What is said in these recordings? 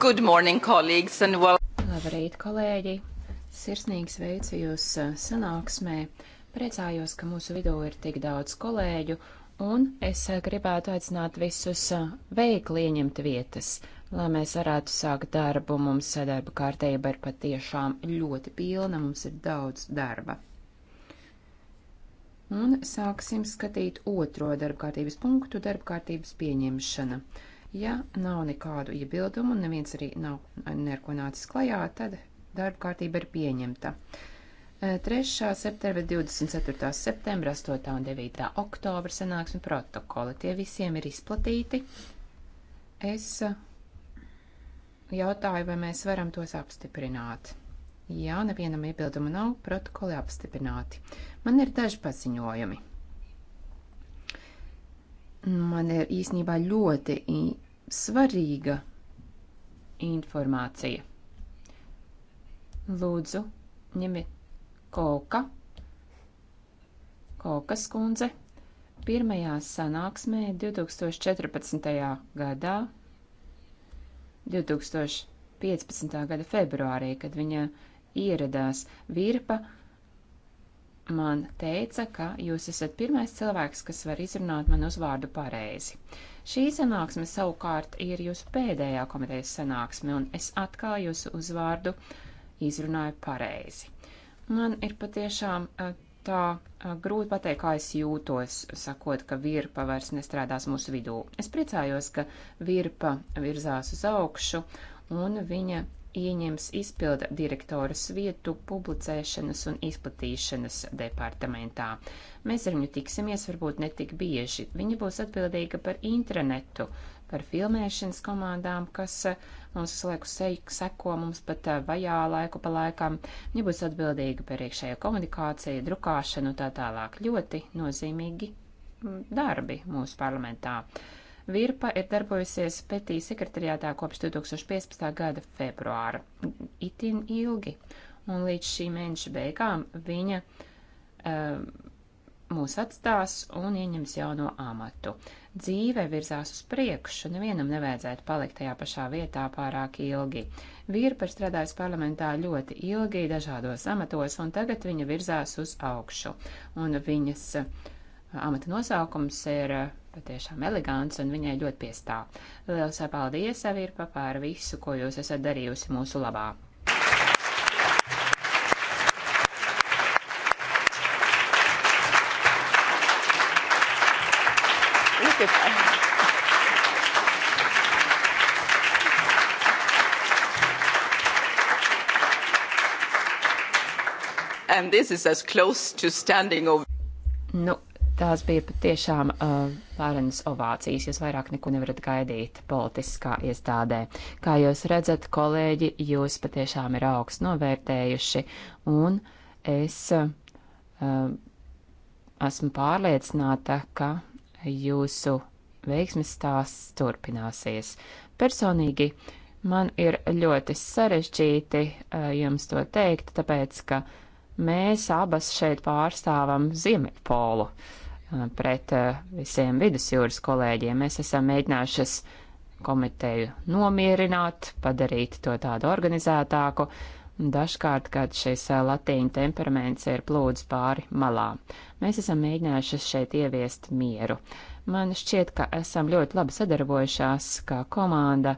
Good morning, colleagues, and well... Labrīt, kolēģi! Sirsnīgi sveicu jūs sanāksmē. Priecājos, ka mūsu vidū ir tik daudz kolēģu, un es gribētu aicināt visus veikli ieņemt vietas, lai mēs varētu sākt darbu. Mums darba kārtība ir patiešām ļoti pilna, mums ir daudz darba. Un sāksim skatīt otro darba kārtības punktu - darba kārtības pieņemšana. Ja nav nekādu iebildumu, un neviens arī nav neko nācis klajā, tad darba kārtība ir pieņemta. 3. Eh, septembra, 24. septembra, 8. un 9. oktobra sanāksmi protokoli. Tie visiem ir izplatīti. Es eh, jautāju, vai mēs varam tos apstiprināt. Jā, nevienam iebildumu nav, protokoli apstiprināti. Man ir daži paziņojumi. Man ir īsnībā ļoti svarīga informācija. Lūdzu, ņemiet koka, kokas kundze. Pirmajā sanāksmē 2014. gadā, 2015. gada februārī, kad viņa ieradās virpa man teica, ka jūs esat pirmais cilvēks, kas var izrunāt man uzvārdu pareizi. Šī sanāksme savukārt ir jūsu pēdējā komitejas sanāksme, un es atkal jūsu uzvārdu izrunāju pareizi. Man ir patiešām tā grūti pateikt, kā es jūtos, sakot, ka virpa vairs nestrādās mūsu vidū. Es priecājos, ka virpa virzās uz augšu, un viņa ieņems izpilda direktoras vietu publicēšanas un izplatīšanas departamentā. Mēs ar viņu tiksimies varbūt netik bieži. Viņa būs atbildīga par intranetu, par filmēšanas komandām, kas mums visu laiku seko, mums pat vajā laiku pa laikam. Viņa būs atbildīga par iekšējo komunikāciju, drukāšanu un tā tālāk. Ļoti nozīmīgi mm, darbi mūsu parlamentā. Uh, Virpa ir darbojusies Petī sekretariātā kopš 2015. gada februāra, itin ilgi, un līdz šī mēneša beigām viņa um, mūs atstās un ieņems jauno amatu. Dzīve virzās uz priekšu, nevienam nevajadzētu palikt tajā pašā vietā pārāk ilgi. Vīrpa ir strādājis parlamentā ļoti ilgi, dažādos amatos, un tagad viņa virzās uz augšu. Un viņas uh, amata nosaukums ir uh, patiešām elegants un viņai ļoti piestāv. Lielas paldies, Avirpa, par visu, ko jūs esat darījusi mūsu labā. And this is as close to standing over. Nu, Tās bija patiešām uh, pārenas ovācijas, jūs vairāk neko nevarat gaidīt politiskā iestādē. Kā jūs redzat, kolēģi, jūs patiešām ir augsts novērtējuši, un es uh, esmu pārliecināta, ka jūsu veiksmes stāsts turpināsies. Personīgi man ir ļoti sarežģīti uh, jums to teikt, tāpēc, ka mēs abas šeit pārstāvam Ziemeļpolu. Uh, pret eh, visiem vidusjūras kolēģiem. Mēs esam mēģinājušas komiteju nomierināt, padarīt to tādu organizētāku. Dažkārt, kad šis eh, latīņu temperaments ir plūdz pāri malā, mēs esam mēģinājuši šeit ieviest mieru. Man šķiet, ka esam ļoti labi sadarbojušās kā komanda.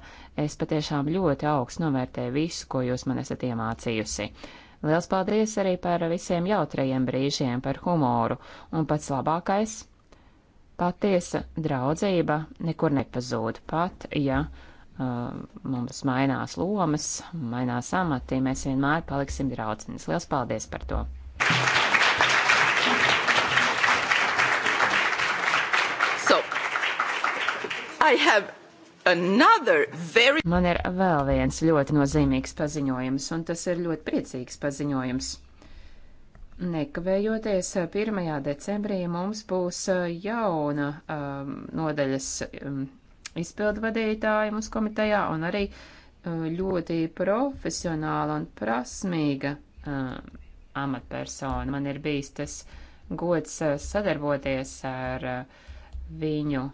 Es patiešām ļoti augstu novērtēju visu, ko jūs man esat iemācījusi. Liels paldies arī par visiem jautrajiem brīžiem, par humoru, un pats labākais - patiesa draudzība nekur nepazūd, pat ja uh, mums mainās lomas, mainās amati, mēs vienmēr paliksim draudzenes. Liels paldies par to! So, I have very... Man ir vēl viens ļoti nozīmīgs paziņojums, un tas ir ļoti priecīgs paziņojums. Nekavējoties 1. decembrī mums būs jauna um, nodaļas um, izpildvadītāja mums komitejā un arī um, ļoti profesionāla un prasmīga um, amatpersona. Man ir bijis tas gods uh, sadarboties ar uh, viņu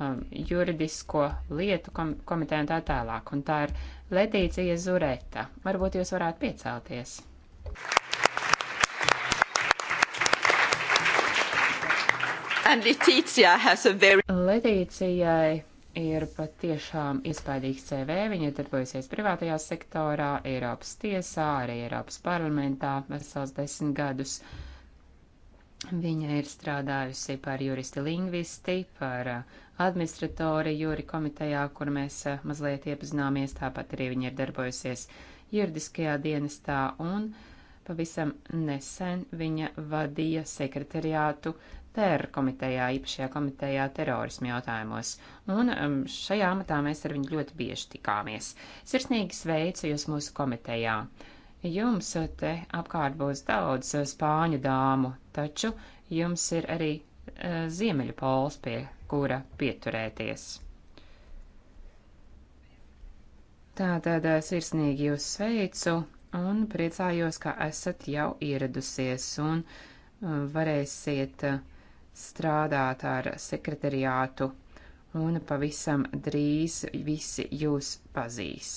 um, juridisko lietu kom komiteju un tā tālāk. Un tā ir Letīcija Zureta. Varbūt jūs varētu piecelties. Very... Letīcijai ir patiešām iespaidīgs CV. Viņa ir darbojusies privātajā sektorā, Eiropas tiesā, arī Eiropas parlamentā vesels desmit gadus. Viņa ir strādājusi par juristi lingvisti, par administratori Jūri komitejā, kur mēs eh, mazliet iepazināmies, tāpat arī viņa ir darbojusies juridiskajā dienestā un pavisam nesen viņa vadīja sekretariātu TER komitejā, īpašajā komitejā terorismu jautājumos, un šajā amatā mēs ar viņu ļoti bieži tikāmies. Sirsnīgi sveicu jūs mūsu komitejā. Jums eh, te apkārt būs daudz eh, spāņu dāmu, taču jums ir arī ziemeļu pols, pie kura pieturēties. Tātad eh, sirsnīgi jūs sveicu un priecājos, ka esat jau ieradusies un eh, varēsiet eh, strādāt ar sekretariātu un pavisam drīz visi jūs pazīs.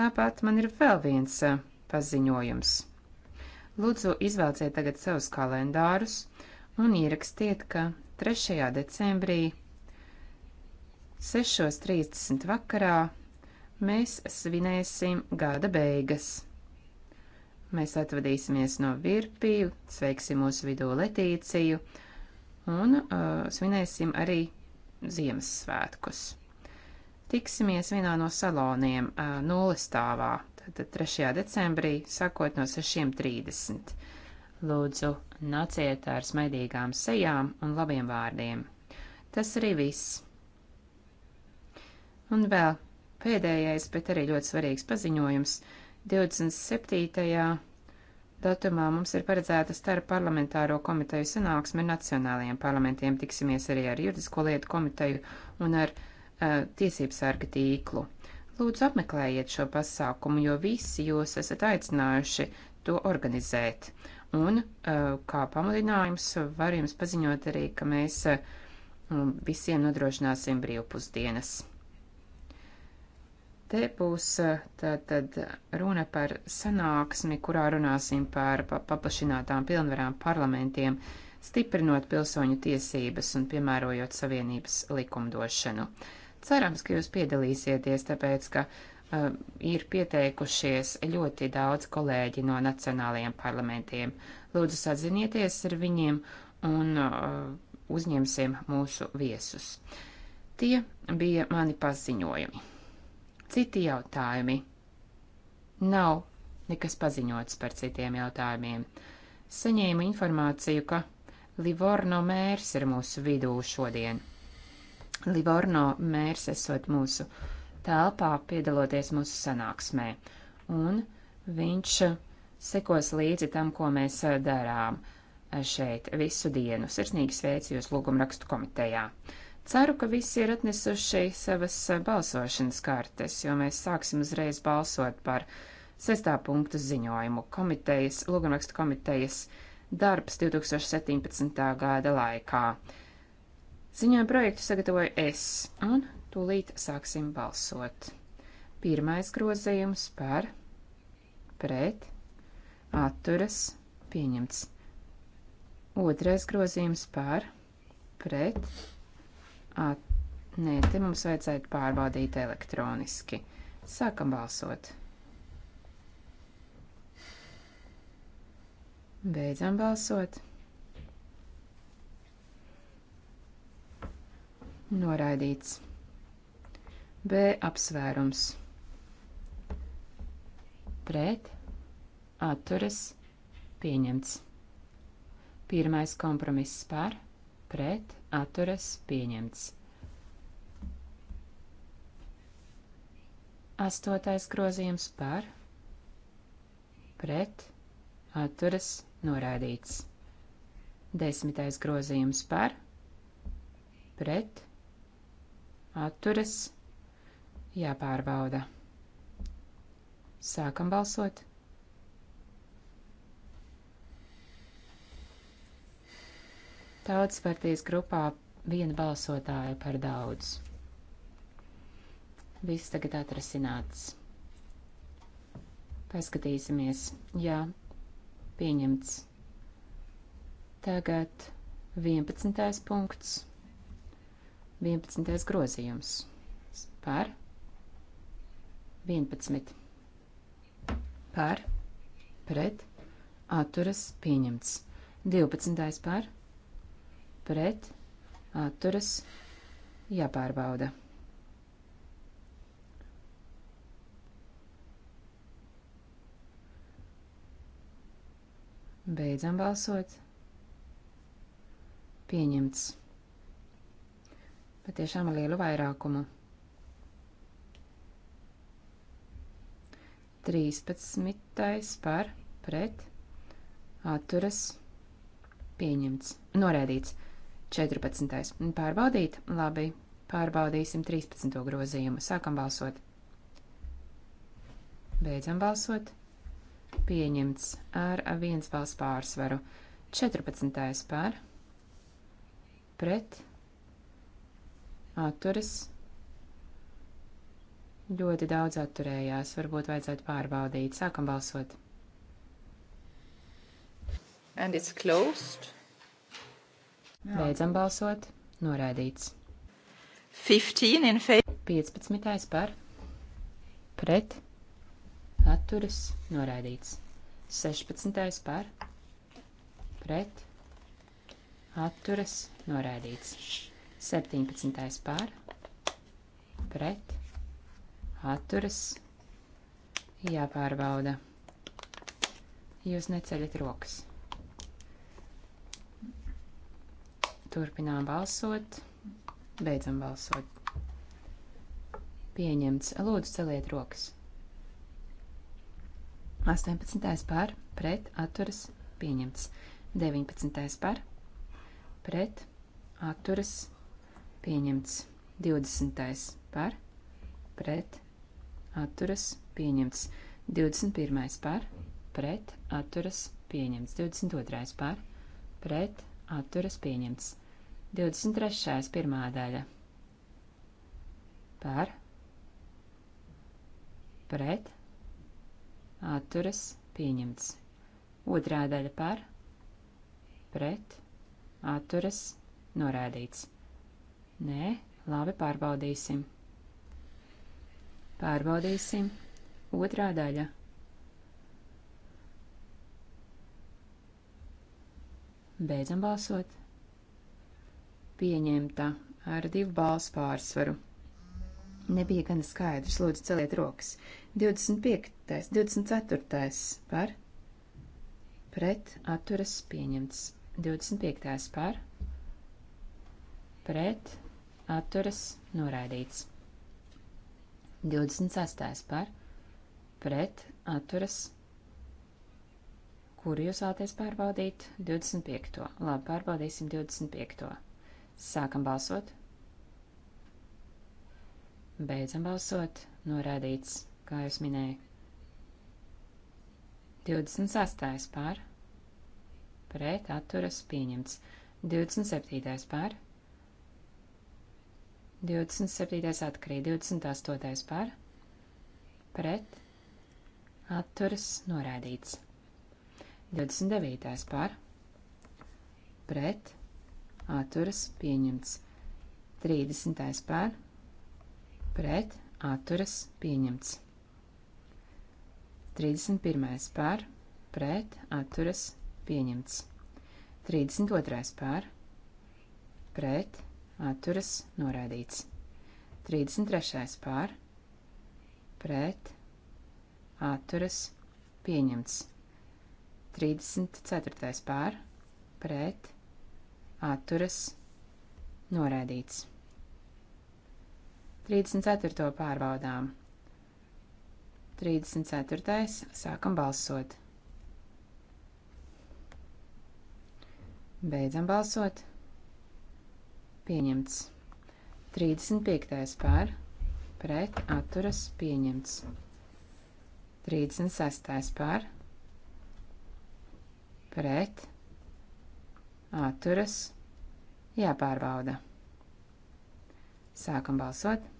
Tāpat man ir vēl viens paziņojums. Lūdzu, izvelciet tagad savus kalendārus, uh, un ierakstiet, ka 3. decembrī 6.30 vakarā mēs svinēsim gada beigas. Mēs atvadīsimies no virpju, sveiksim mūsu vidū letīciju un uh, svinēsim arī Ziemassvētkus. Tiksimies vienā no saloniem uh, nulle stāvā, tātad 3. decembrī, sākot no 6.30. Lūdzu, nāciet ar smaidīgām sejām un labiem vārdiem. Tas arī viss. Un vēl pēdējais, bet arī ļoti svarīgs paziņojums. 27. datumā mums ir paredzēta starp parlamentāro komiteju sanāksme nacionālajiem parlamentiem. Tiksimies arī ar juridisko lietu komiteju un ar uh, eh, tiesības sarga tīklu. Lūdzu, apmeklējiet šo pasākumu, jo visi jūs esat aicinājuši to organizēt. Un uh, kā pamudinājums var jums paziņot arī, ka mēs uh, visiem nodrošināsim brīvpusdienas. Te būs uh, tātad runa par sanāksmi, kurā runāsim par paplašinātām pilnvarām parlamentiem, stiprinot pilsoņu tiesības un piemērojot savienības likumdošanu. Uh, Cerams, ka jūs piedalīsieties, tāpēc, ka uh, ir pieteikušies ļoti daudz kolēģi no nacionālajiem parlamentiem. Lūdzu, sazinieties ar viņiem un uh, uzņemsim mūsu viesus. Tie bija mani paziņojumi. Citi jautājumi. Nav nekas paziņots par citiem jautājumiem. Saņēmu informāciju, ka Livorno mērs ir mūsu vidū šodien. Livorno mērs esot mūsu telpā, piedaloties mūsu sanāksmē, un viņš sekos līdzi tam, ko mēs darām šeit visu dienu. Sirsnīgi sveicu jūs lūgumrakstu komitejā. Ceru, ka visi ir atnesuši savas balsošanas kartes, jo mēs sāksim uzreiz balsot par sestā punktu ziņojumu komitejas, lūgumrakstu komitejas darbs 2017. gada laikā. Ziņojumu projektu sagatavoju es, un tūlīt sāksim balsot. Pirmais grozījums par, pret, atturas, pieņemts. Otrais grozījums par, pret, at... Nē, te mums vajadzētu pārbaudīt elektroniski. Sākam balsot. Beidzam balsot. Noraidīts. B apsvērums. Pret. Atturas. Pieņemts. Pirmais kompromiss par. Pret. Atturas. Pieņemts. Astotais grozījums par. Pret. Atturas. Noraidīts. Desmitais grozījums par. Pret atturas, jāpārbauda. Sākam balsot. Tautas partijas grupā viena balsotāja par daudz. Viss tagad atrasināts. Paskatīsimies. Jā, pieņemts. Tagad 11. punkts. 11. grozījums par 11. par pret atturas pieņemts. 12. par pret atturas jāpārbauda. Beidzam balsot. Pieņemts patiešām ar lielu vairākumu. 13. par pret atturas pieņemts, norēdīts. 14. pārbaudīt, labi, pārbaudīsim 13. grozījumu, sākam balsot. Beidzam balsot. Pieņemts ar viens balss pārsvaru. 14. par pret atturas. Ļoti daudz atturējās, varbūt vajadzētu pārbaudīt. Sākam balsot. And it's closed. Beidzam balsot. Noraidīts. 15 in favor. 15. par. Pret. Atturas. Noraidīts. 16. par. Pret. Atturas. Noraidīts. 17. pār, pret, atturas, jāpārbauda. Jūs neceļat rokas. Turpinām balsot, beidzam balsot. Pieņemts. Lūdzu, celiet rokas. 18. pār, pret, atturas, pieņemts. 19. pār, pret, atturas, pieņemts pieņemts. 20. par, pret, atturas, pieņemts. 21. par, pret, atturas, pieņemts. 22. par, pret, atturas, pieņemts. 23. pirmā daļa par, pret, atturas, pieņemts. Otrā daļa par, pret, atturas, norādīts. Nē, labi, pārbaudīsim. Pārbaudīsim. Otrā daļa. Beidzam balsot. Pieņemta ar divu balsu pārsvaru. Nebija gana skaidrs, lūdzu, celiet rokas. 25. 24. par pret atturas pieņemts. 25. par pret atturas noraidīts. 26. par pret atturas. Kuru jūs vēlaties pārbaudīt? 25. Labi, pārbaudīsim 25. Sākam balsot. Beidzam balsot. Noraidīts, kā jūs minēju. 26. par pret atturas pieņemts. 27. par pret 27. atkrīt, 28. par, pret, atturas noraidīts. 29. par, pret, atturas pieņemts. 30. par, pret, atturas pieņemts. 31. par, pret, atturas pieņemts. 32. par, pret, atturas norādīts. 33. pār pret atturas pieņemts. 34. pār pret atturas norādīts. 34. pārbaudām. 34. sākam balsot. Beidzam balsot pieņemts. 35. par, pret, atturas, pieņemts. 36. par, pret, atturas, jāpārbauda. Sākam balsot.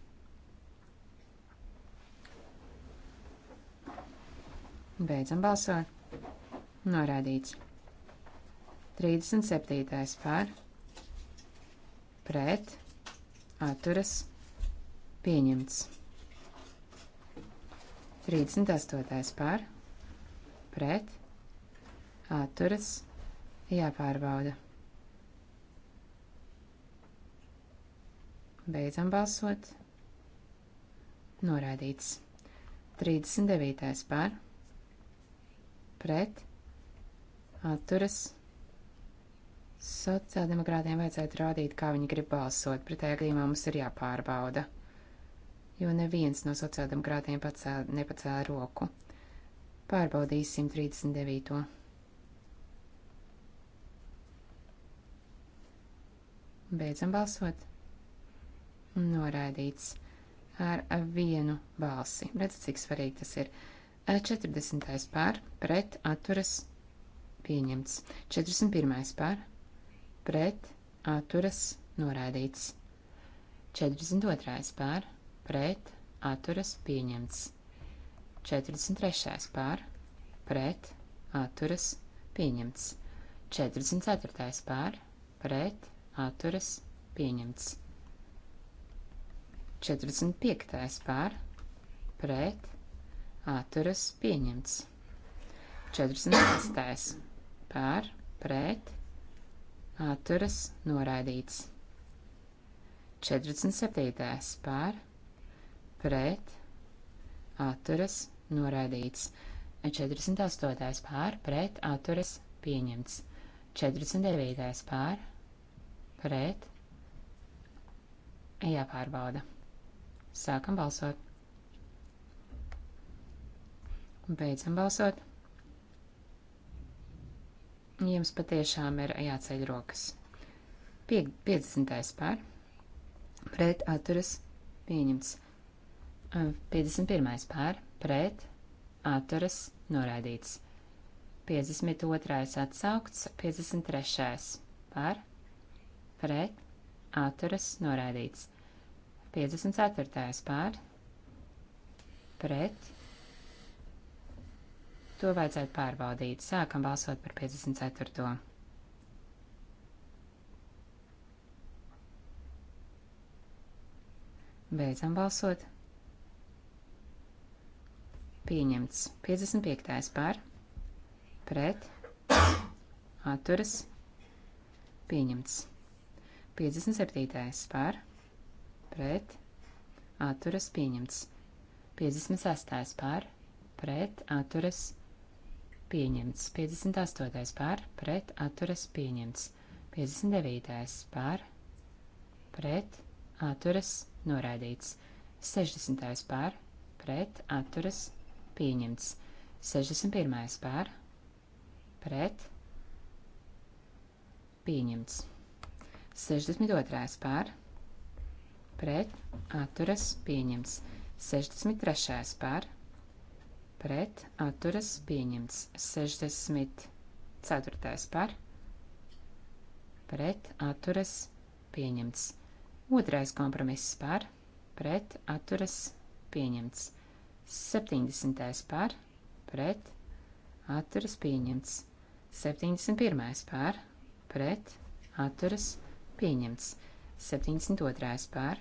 Beidzam balsot. Norādīts. 37. par, pret, pret, atturas, pieņemts. 38. par, pret, atturas, jāpārbauda. Beidzam balsot. Noraidīts. 39. par, pret, atturas, pieņemts Sociāldemokrātiem vajadzētu rādīt, kā viņi grib balsot, pretējā gadījumā mums ir jāpārbauda, jo neviens no sociāldemokrātiem nepacēla roku. Pārbaudīsim 39. Beidzam balsot. Noraidīts ar vienu balsi. Redzat, cik svarīgi tas ir. 40. pār, pret, atturas, pieņemts. 41. pār, pret, atturas, noraidīts. 42. pār, pret, atturas, pieņemts. 43. pār, pret, atturas, pieņemts. 44. pār, pret, atturas, pieņemts. 45. pār, pret, atturas, pieņemts. 46. pār, pret, atturas noraidīts. 47. pār, pret, atturas noraidīts. 48. pār, pret, atturas pieņemts. 49. pār, pret, jāpārbauda. Sākam balsot. Beidzam balsot. Jums patiešām ir jāceļ rokas. Pie, 50. pār. Pret atturas pieņemts. 51. pār. Pret atturas noraidīts. 52. atsaukts. 53. pār. Pret atturas noraidīts. 54. pār. Pret To vajadzētu pārbaudīt. Sākam balsot par 54. Beidzam balsot. Pieņemts. 55. par. Pret. Atturas. Pieņemts. 57. par. Pret. Atturas. Pieņemts. 56. par. Pret. Atturas. Pieņemts pieņemts. 58. pār pret atturas pieņemts. 59. pār pret atturas noraidīts. 60. pār pret atturas pieņemts. 61. pār pret pieņemts. 62. pār pret atturas pieņemts. 63. pār pret pret atturas pieņemts 64. par pret atturas pieņemts. Otrais kompromiss par pret atturas pieņemts. 70. par pret atturas pieņemts. 71. par pret atturas pieņemts. 72. par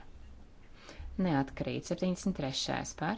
neatkarīt 73. par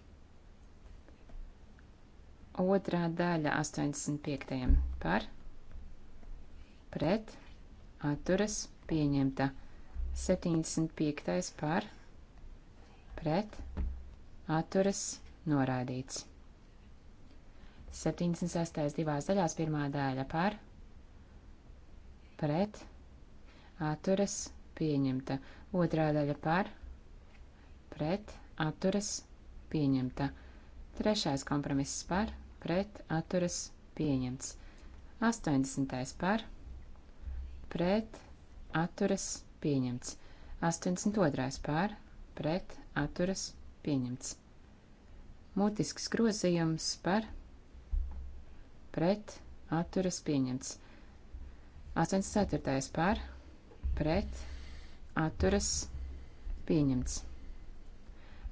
Otrā daļa 85. par pret atturas pieņemta. 75. par pret atturas noraidīts. 76. divās daļās pirmā daļa par pret atturas pieņemta. Otrā daļa par pret atturas pieņemta. Trešais kompromiss par pret atturas pieņemts. 80. par pret atturas pieņemts. 82. par pret atturas pieņemts. Mutisks grozījums par pret atturas pieņemts. 84. par pret atturas pieņemts.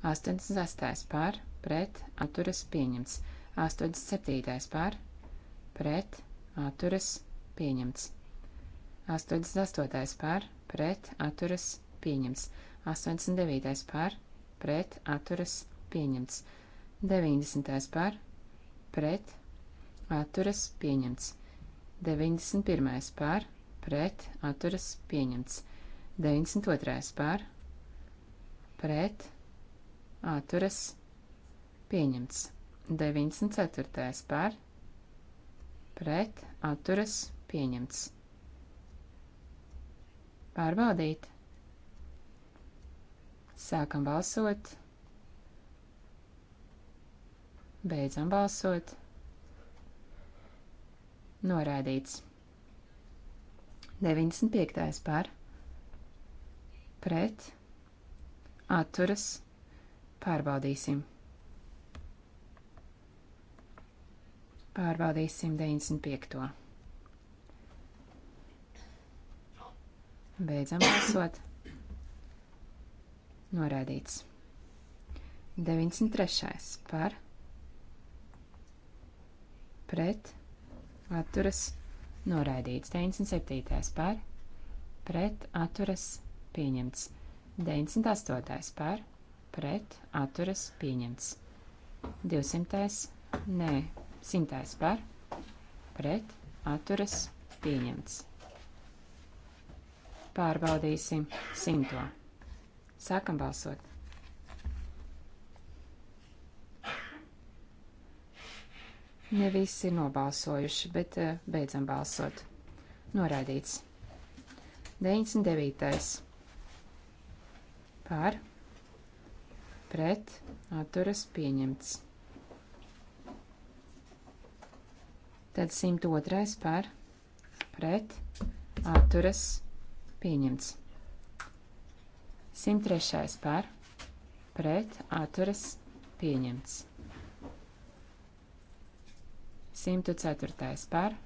86. par pret atturas pieņemts. 87. par, pret, atturas, pieņemts. 88. par, pret, atturas, pieņemts. 89. par, pret, atturas, pieņemts. 90. par, pret, atturas, pieņemts. 91. par, pret, atturas, pieņemts. 92. par, pret, atturas, pieņemts. 94. par pret atturas pieņemts. Pārbaudīt. Sākam balsot. Beidzam balsot. Norādīts. 95. par pret atturas pārbaudīsim. Pārbaudīsim 95. Beidzam balsot. Norādīts. 93. par pret atturas noraidīts. 97. par pret atturas pieņemts. 98. par pret atturas pieņemts. 200. nē, simtais par, pret, atturas, pieņemts. Pārbaudīsim simto. Sākam balsot. Ne visi ir nobalsojuši, bet eh, beidzam balsot. Noraidīts. 99. Pār, pret, atturas pieņemts. Tad 102. par pret atturas pieņemts. 103. par pret atturas pieņemts. 104. par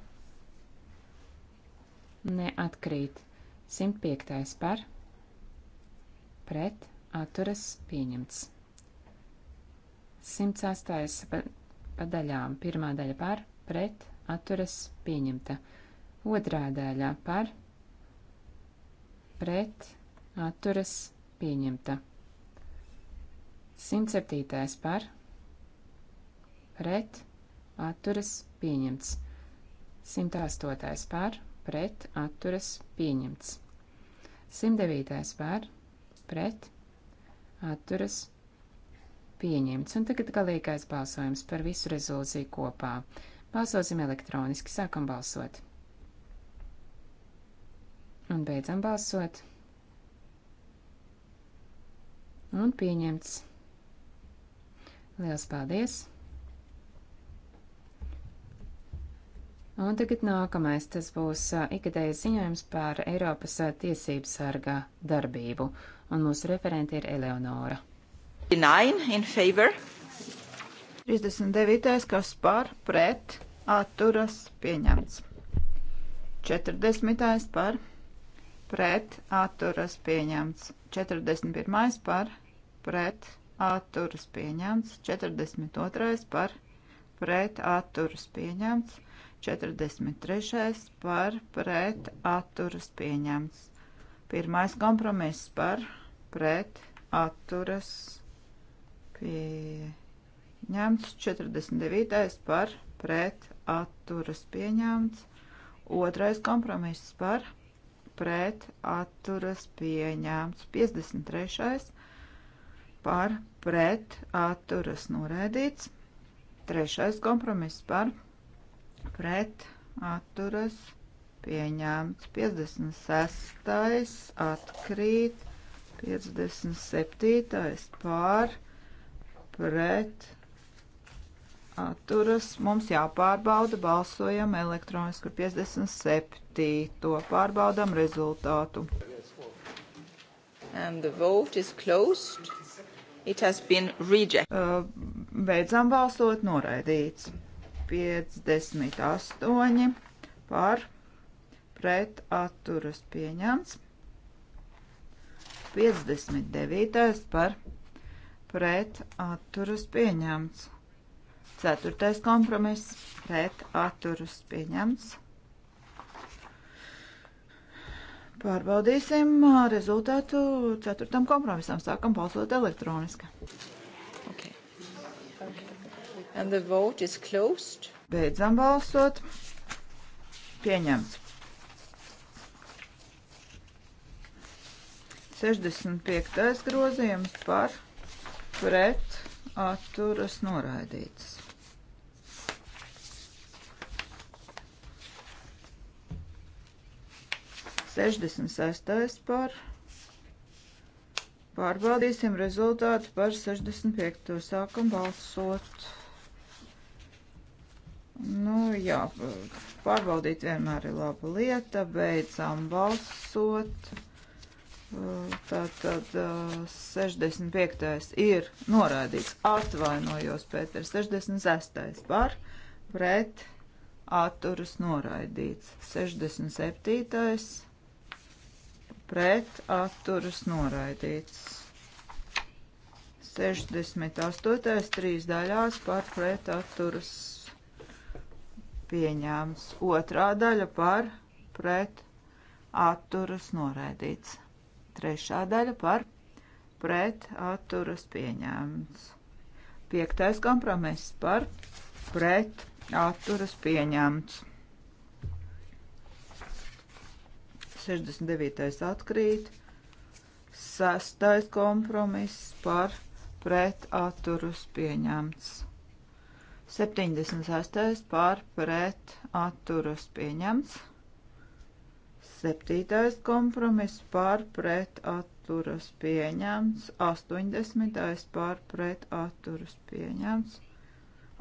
neatkrīt. 105. par pret atturas pieņemts. 108. pa, pa daļām. Pirmā daļa par pret atturas pieņemta. Otrā daļā par pret atturas pieņemta. 107. par pret atturas pieņemts. 108. par pret atturas pieņemts. 109. par pret atturas pieņemts. Un tagad galīgais balsojums par visu rezolūciju kopā. Uh, Balsosim elektroniski, sākam balsot. Un beidzam balsot. Un pieņemts. Liels paldies! Un tagad nākamais, tas būs ikgadējais ziņojums par Eiropas tiesību sargā darbību, un mūsu referenti ir Eleonora. 9 in favor. 39. kas par pret atturas pieņemts. 40. par pret atturas pieņemts. 41. par pret atturas pieņemts. 42. par pret atturas pieņemts. 43. par pret atturas pieņemts. Pirmais kompromiss par pret atturas pieņemts Ņemts 49. par pret atturas pieņemts. Otrais kompromiss par pret atturas pieņemts. 53. par pret atturas norēdīts. Trešais kompromiss par pret atturas pieņemts. 56. atkrīt. 57. par pret atturas atturas. Mums jāpārbauda, balsojam elektroniski 57. To pārbaudam rezultātu. And the vote is closed. It has been rejected. Uh, beidzam balsot, noraidīts. 58 par pret atturas pieņemts. 59 par pret atturas pieņemts. Ceturtais kompromiss pret atturus pieņemts. Pārbaudīsim rezultātu ceturtam kompromisam. Sākam balsot elektroniski. Okay. Okay. Beidzam balsot. Pieņemts. 65. grozījums par pret atturas noraidīts. 66. par. Pārbaudīsim rezultātu par 65. Sākam balsot. Nu, jā, pārbaudīt vienmēr ir laba lieta. Beidzām balsot. Tātad 65. ir norādīts. Atvainojos, Pēter. 66. par pret atturus noraidīts. 67 pret atturas noraidīts. 68. trīs daļās par pret atturas pieņēmts. Otrā daļa par pret atturas noraidīts. Trešā daļa par pret atturas pieņēmts. Piektais kompromiss par pret atturas pieņēmts. 69. atkrīt, 6. kompromiss par pret atturus pieņemts. 76. par pret atturus pieņemts. 7. kompromiss par pret atturus pieņemts. 80. par pret atturus pieņemts.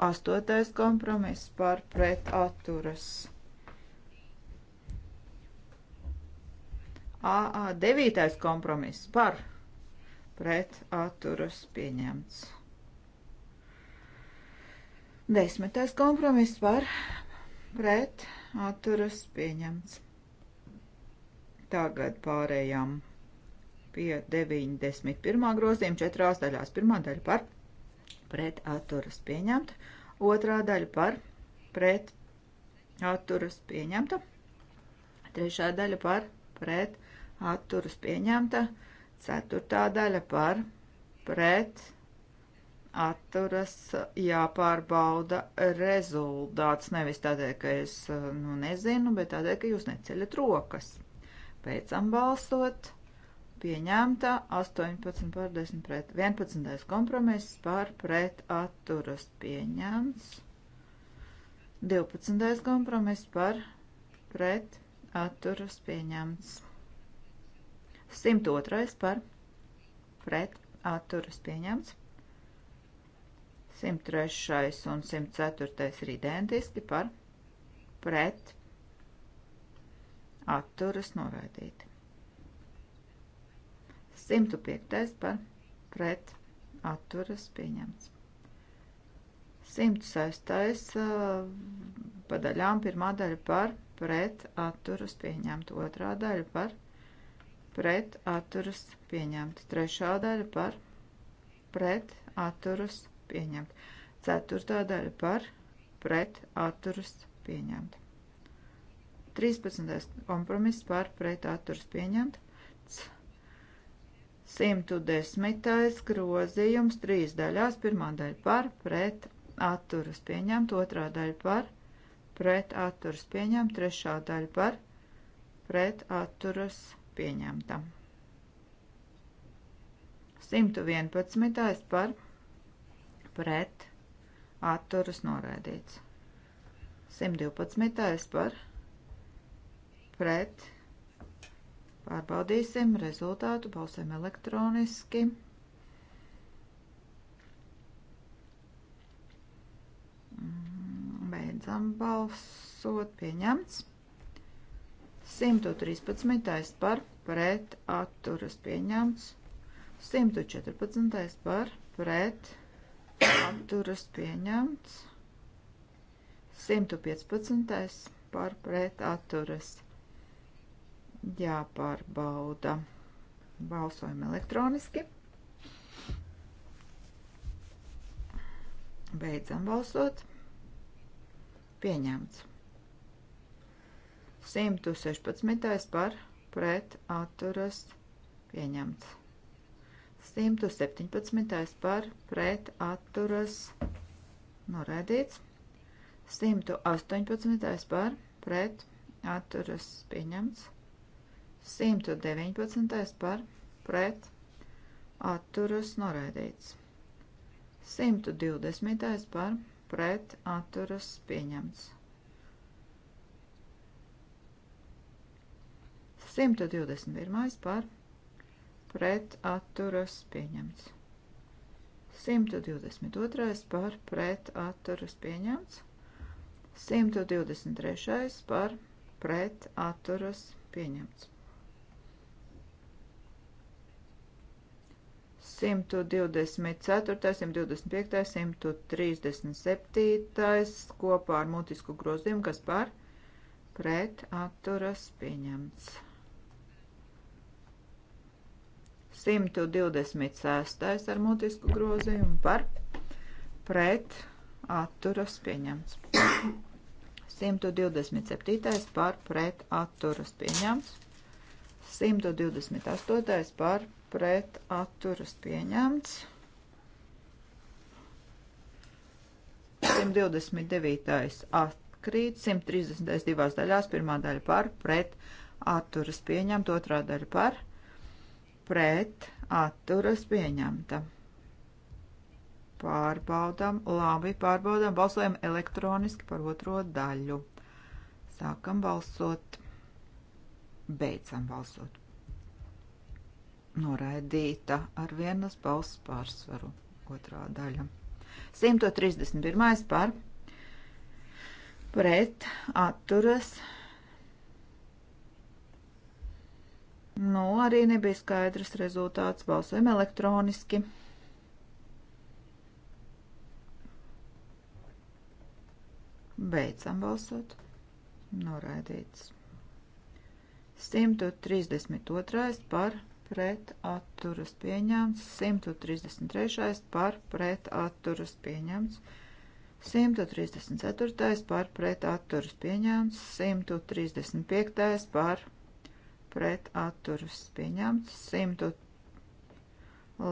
8. kompromiss par pret atturus pieņemts. AA devītais kompromiss par pret atturas pieņemts. Desmitais kompromiss par pret atturas pieņemts. Tagad pārējām pie 91. grozījuma četrās daļās. Pirmā daļa par pret atturas pieņemta, otrā daļa par pret atturas pieņemta, trešā daļa par pret atturas pieņemta. Ceturtā daļa par pret atturas jāpārbauda rezultāts. Nevis tādēļ, ka es nu, nezinu, bet tādēļ, ka jūs neceļat rokas. Beidzam balsot. Pieņemta 18 par 10 pret 11. kompromiss par pret atturas pieņemts. 12. kompromiss par pret atturas pieņemts. 102. par pret atturas pieņemts. 103. un 104. ir identiski par pret atturas noraidīti. 105. par pret atturas pieņemts. 106. Uh, padaļām pirmā daļa par pret atturas pieņemt, otrā daļa par pret atturas pieņemta. Trešā daļa par pret atturas pieņemta. Ceturtā daļa par pret atturas pieņemta. 13. kompromiss par pret atturas pieņemta. 110. grozījums trīs daļās. Pirmā daļa par pret atturas pieņemt, otrā daļa par pret atturas pieņemt, trešā daļa par pret atturas pieņemt pieņemta. 111. par pret atturas noraidīts. 112. par pret pārbaudīsim rezultātu, balsēm elektroniski. Mm, beidzam balsot, pieņemts. 113. par pret atturas pieņemts. 114. par pret atturas pieņemts. 115. par pret atturas jāpārbauda. Balsojam elektroniski. Beidzam balsot. Pieņemts. 116. par pret atturas pieņemts. 117. par pret atturas norēdīts. 118. par pret atturas pieņemts. 119. par pret atturas norēdīts. 120. par pret atturas pieņemts. 121. par pret atturas pieņemts. 122. par pret atturas pieņemts. 123. par pret atturas pieņemts. 124, 125, 137 kopā ar mutisku grozījumu, kas par pret atturas pieņemts. 126. ar mutisku grozījumu par pret atturas pieņemts. 127. par pret atturas pieņemts. 128. par pret atturas pieņemts. 129. atkrīt, 130. divās daļās, pirmā daļa par pret atturas pieņemt, otrā daļa par pret pret atturas pieņemta. Pārbaudām, labi, pārbaudām, balsojam elektroniski par otro daļu. Sākam balsot, beidzam balsot. Noraidīta ar vienas balss pārsvaru otrā daļa. 131. par pret atturas pieņemta Nu, arī nebija skaidrs rezultāts. Balsojam elektroniski. Beidzam balsot. Noraidīts. 132. par pret atturas pieņemts. 133. par pret atturas pieņemts. 134. par pret atturas pieņemts. 135. par pret pret atturas pieņemts 100.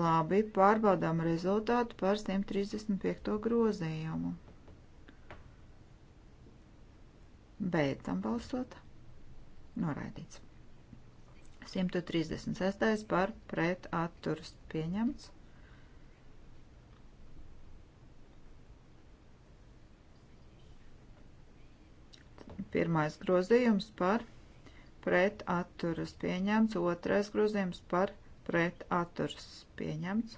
Labi, pārbaudām rezultātu par 135. grozījumu. Beidzam balsot. Noraidīts. 136. par pret atturas pieņemts. Pirmais grozījums par pret pret atturas pieņemts, otrais grozījums par pret atturas pieņemts,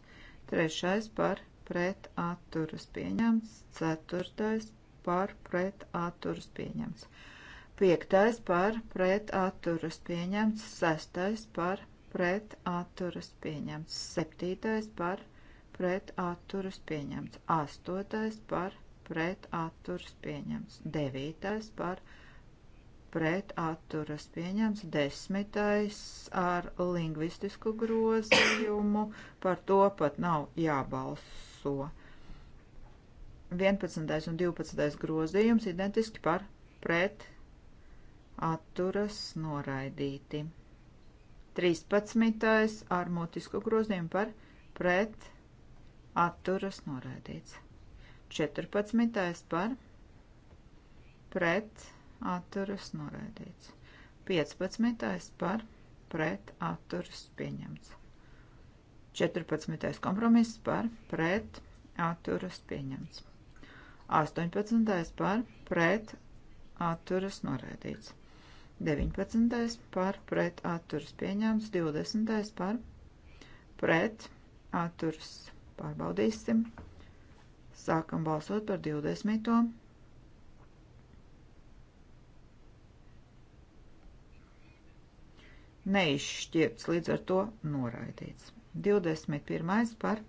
trešais par pret atturas pieņemts, ceturtais par pret atturas pieņemts, piektais par pret atturas pieņemts, sestais par pret atturas pieņemts, septītais par pret atturas pieņemts, astotais par pret atturas pieņemts, devītais par pret pret atturas pieņemts. Desmitais ar lingvistisku grozījumu. Par to pat nav jābalso. 11. un 12. grozījums identiski par pret atturas noraidīti. 13. ar mutisku grozījumu par pret atturas noraidīts. 14. par pret atturas noraidīts. 15. par pret atturas pieņemts. 14. kompromiss par pret atturas pieņemts. 18. par pret atturas noraidīts. 19. par pret atturas pieņemts. 20. par pret atturas pārbaudīsim. Sākam balsot par 20. neizšķirts, līdz ar to noraidīts. 21. par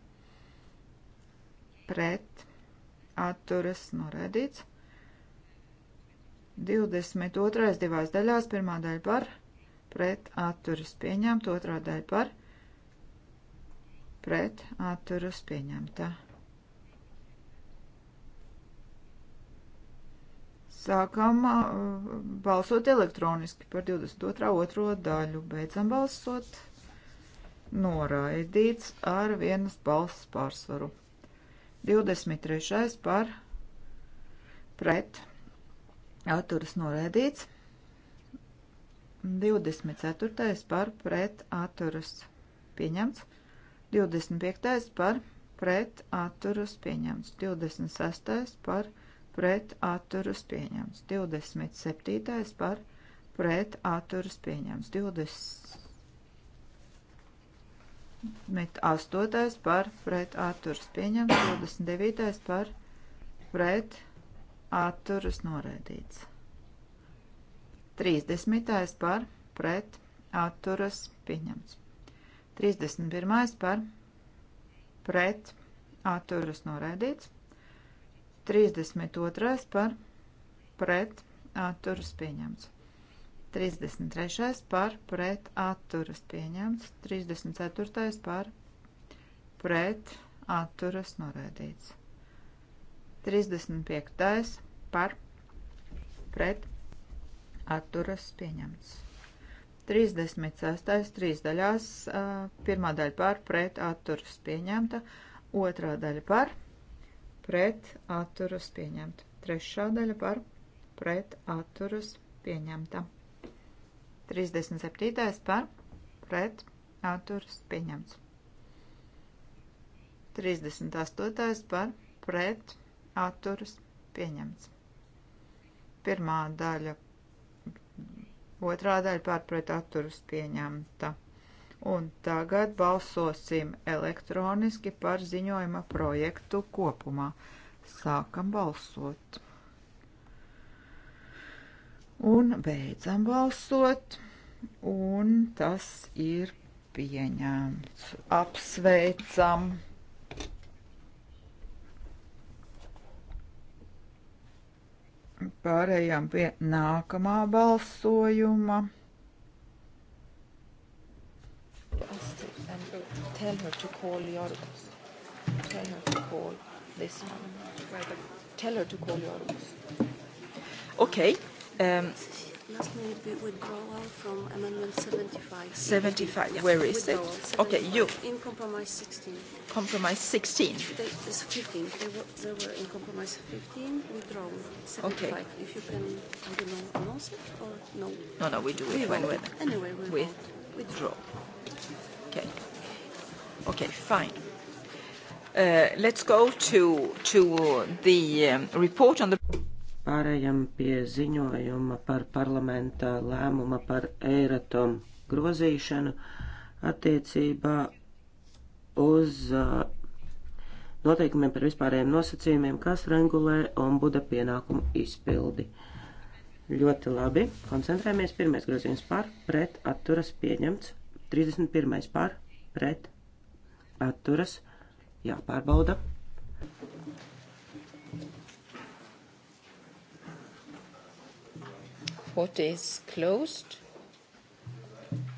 pret atturas noraidīts. 22. divās daļās, pirmā daļa par pret atturas pieņemta, otrā daļa par pret atturas pieņemta. Sākam uh, balsot elektroniski par 22.2. daļu. Beidzam balsot. Noraidīts ar vienas balss pārsvaru. 23. par pret. Atturas noraidīts. 24. par pret atturas pieņemts. 25. par pret atturas pieņemts. 26. par pret pret atturas pieņemts. 27. par pret atturas pieņemts. 28. par pret atturas pieņemts. 29. par pret atturas noraidīts. 30. par pret atturas pieņemts. 31. par pret atturas noraidīts. 32. par pret atturas pieņemts. 33. par pret atturas pieņemts, 34. par pret atturas noraidīts, 35. par pret atturas pieņemts, 36. trīs daļās, pirmā daļa par pret atturas pieņemta, otrā daļa par pret atturas pieņemta. Trešā daļa par pret atturas pieņemta. 37. par pret atturas pieņemts. 38. par pret atturas pieņemts. Pirmā daļa, otrā daļa par pret atturas pieņemta. Un tagad balsosim elektroniski par ziņojuma projektu kopumā. Sākam balsot. Un beidzam balsot. Un tas ir pieņemts. Apsveicam! Pārējām pie nākamā balsojuma. tell her to call Yorgos. Tell her to call this one. Tell her to call Yorgos. Okay. Um, Last minute we withdrawal from amendment 75. 75. Yeah. Where is withdrawal, it? 75. Okay, you. In compromise 16. Compromise 16. They, it's 15. They were, they were in compromise 15. Withdrawal 75. Okay. If you can, I don't know, announce it or no. No, no, we do we it we when we're. Anyway, we, we withdraw. Okay. Okay, fine. Uh, let's go to, to the um, report on the. Pārējām pie ziņojuma par parlamentā lēmuma par Eiratom grozīšanu attiecībā uz uh, noteikumiem par vispārējiem nosacījumiem, kas regulē ombuda pienākumu izpildi. Ļoti labi. Koncentrējamies. Pirmais grozījums par, pret, atturas, pieņemts. 31. par, pret, atturas jāpārbauda. What is closed?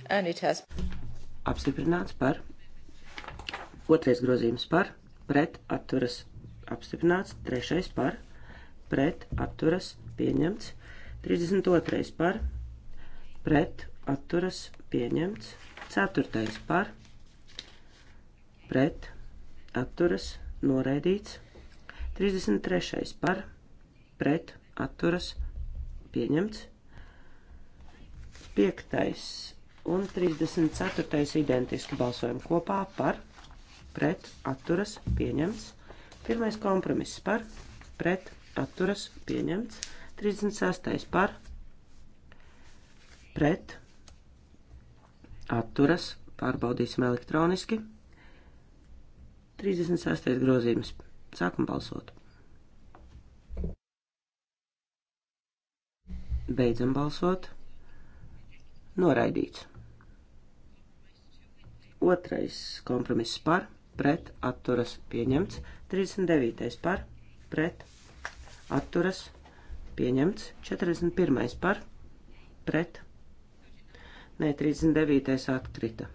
And it has... Apstiprināts par. Otrais grozījums par. Pret atturas apstiprināts. Trešais par. Pret atturas pieņemts. 32. par. Pret atturas pieņemts. Ceturtais par pret, atturas, noraidīts. 33. par, pret, atturas, pieņemts. 5. un 34. identiski balsojam kopā par, pret, atturas, pieņemts. Pirmais kompromiss par, pret, atturas, pieņemts. 36. par, pret, atturas, pārbaudīsim elektroniski. 36. grozījums. Sākam balsot. Beidzam balsot. Noraidīts. Otrais kompromiss par, pret, atturas pieņemts. 39. par, pret, atturas pieņemts. 41. par, pret. Nē, 39. atkrita.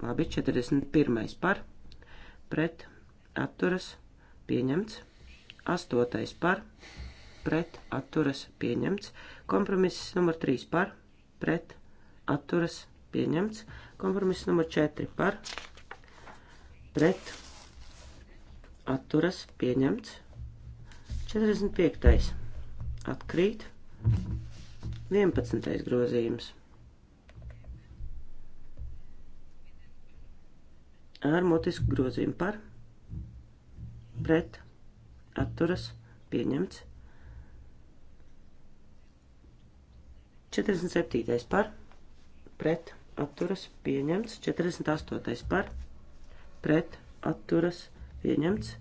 Labi, 41. par, pret atturas pieņemts. Astotais par pret atturas pieņemts. Kompromiss numur 3 par pret atturas pieņemts. Kompromiss numur 4 par pret atturas pieņemts. 45. atkrīt. 11. grozījums ar motisku grozījumu par pret atturas pieņemts. 47. par pret atturas pieņemts. 48. par pret atturas pieņemts.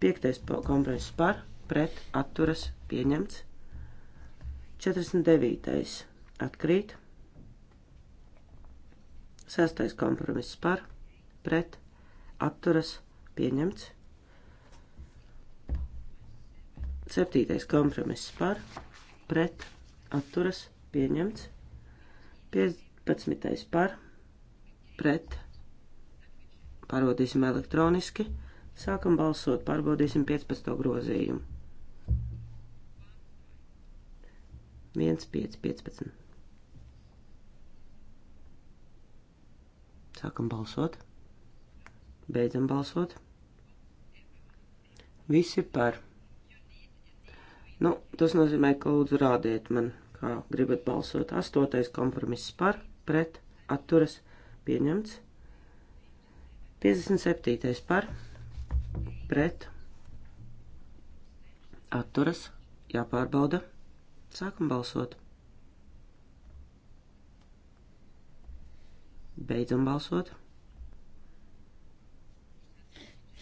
5. kompromiss par pret atturas pieņemts. 49. atkrīt. 6. kompromiss par pret pret atturas pieņemts. Septītais kompromiss par pret atturas pieņemts. 15. par pret pārbaudīsim elektroniski. Sākam balsot, pārbaudīsim 15. grozījumu. 1, 5, 15. Sākam balsot. 15. Beidzam balsot. Visi par. Nu, tas nozīmē, ka lūdzu rādiet man, kā gribat balsot. Astotais kompromiss par, pret, atturas, pieņemts. 57. par, pret, atturas, jāpārbauda. Sākam balsot. Beidzam balsot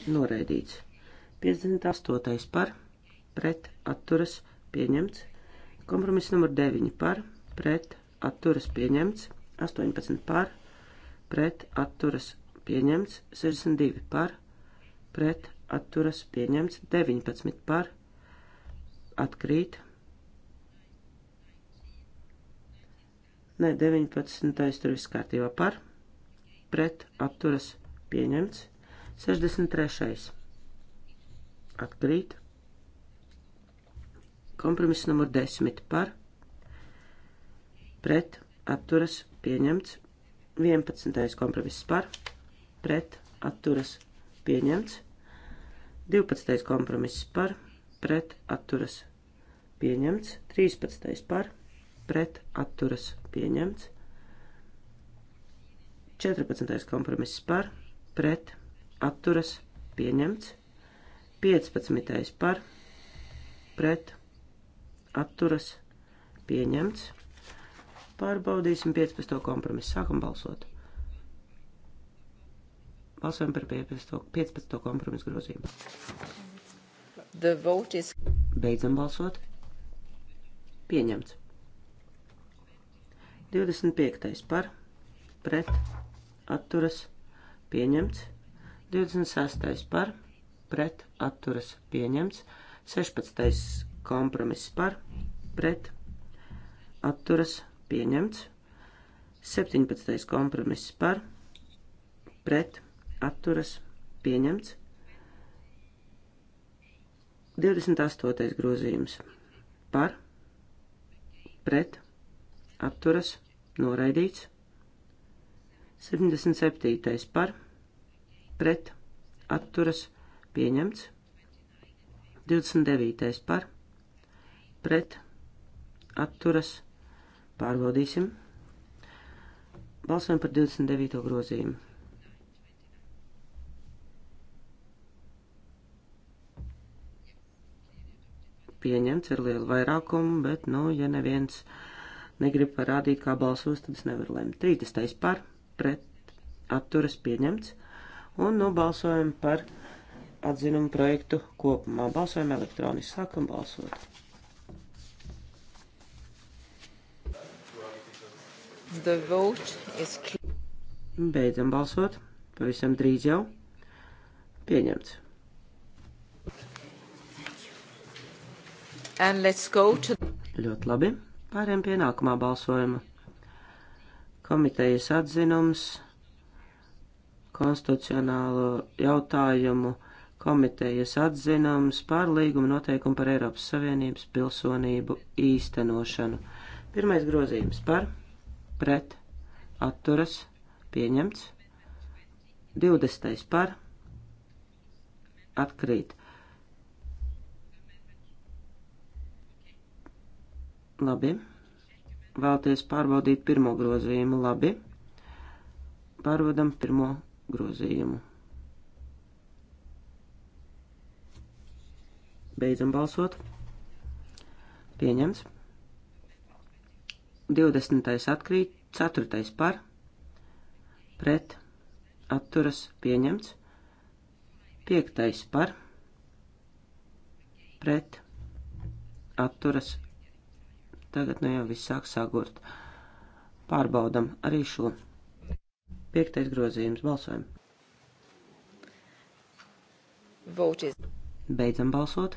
noraidīts. 58. par, pret, atturas, pieņemts. Kompromiss numur 9 par, pret, atturas, pieņemts. 18 par, pret, atturas, pieņemts. 62 par, pret, atturas, pieņemts. 19 par, atkrīt. Nē, 19. tur viss kārtībā par, pret, atturas, pieņemts. 63. Atkrīt. Kompromiss numur 10 par pret atturas pieņemts. 11. kompromiss par pret atturas pieņemts. 12. kompromiss par pret atturas pieņemts. 13. par pret atturas pieņemts. 14. kompromiss par pret atturas pieņemts. 15. par pret atturas pieņemts. Pārbaudīsim 15. kompromisu. Sākam balsot. Balsojam par 15. 15. kompromisu grozījumu. The vote is... Beidzam balsot. Pieņemts. 25. par pret atturas pieņemts. 26. par pret atturas pieņemts, 16. kompromiss par pret atturas pieņemts, 17. kompromiss par pret atturas pieņemts, 28. grozījums par pret atturas noraidīts, 77. par pret pret atturas pieņemts. 29. par pret atturas pārbaudīsim. Balsojam par 29. grozījumu. Pieņemts ar lielu vairākumu, bet, nu, ja neviens negrib parādīt, kā balsos, tad es nevaru lemt. 30. par pret atturas pieņemts. Un nu balsojam par atzinumu projektu kopumā. Balsojam elektroniski. Sākam balsot. The vote is clear. Beidzam balsot. Pavisam drīz jau. Pieņemts. And let's go to... Ļoti labi. Pāriem pie nākamā balsojuma. Komitejas atzinums konstitucionālo jautājumu komitejas atzinums par līguma noteikumu par Eiropas Savienības pilsonību īstenošanu. Pirmais grozījums par, pret, atturas, pieņemts. 20. par, atkrīt. Labi. Vēlties pārbaudīt pirmo grozījumu. Labi. Pārvadam pirmo grozījumu. Beidzam balsot. Pieņems. 20. atkrīt, 4. par, pret, atturas, pieņemts, 5. par, pret, atturas, tagad nu jau viss sāk sagurt. Pārbaudam arī šo. Piektais grozījums. Balsojam. Vote is. Beidzam balsot.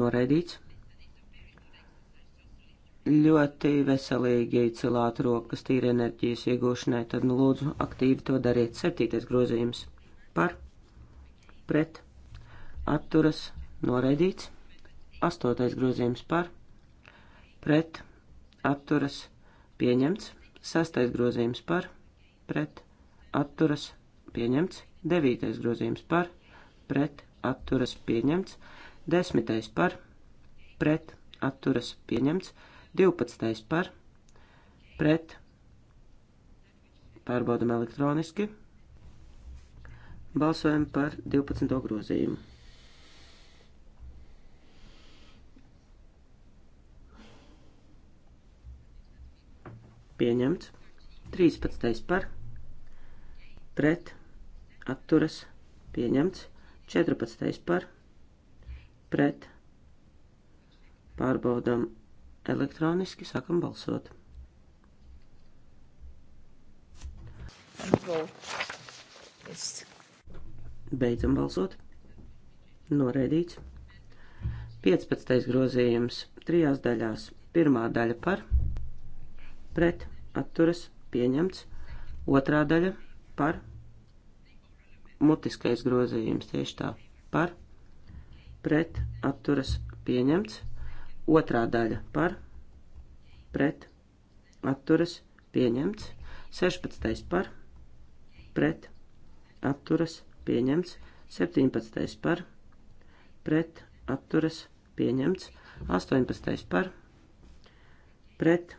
Noraidīts. Ļoti veselīgi cilāt rokas tīra enerģijas iegūšanai, tad nu lūdzu aktīvi to dariet. Septītais grozījums par, pret, atturas, noraidīts. Astotais grozījums par, pret, atturas, pieņemts. Sastais grozījums par, pret, atturas, pieņemts. Devītais grozījums par, pret, atturas, pieņemts. Desmitais par, pret, atturas, pieņemts. Divpadsmitais par, pret, pārbaudam elektroniski. Balsojam par 12. grozījumu. pieņemts. 13. par, pret, atturas, pieņemts. 14. par, pret, pārbaudam elektroniski, sākam balsot. Beidzam balsot. Noreidīts. 15. grozījums trijās daļās. Pirmā daļa par, pret, atturas pieņemts. Otrā daļa par mutiskais grozījums tieši tā par pret atturas pieņemts. Otrā daļa par pret atturas pieņemts. 16. par pret atturas pieņemts. 17. par pret atturas pieņemts. 18. par pret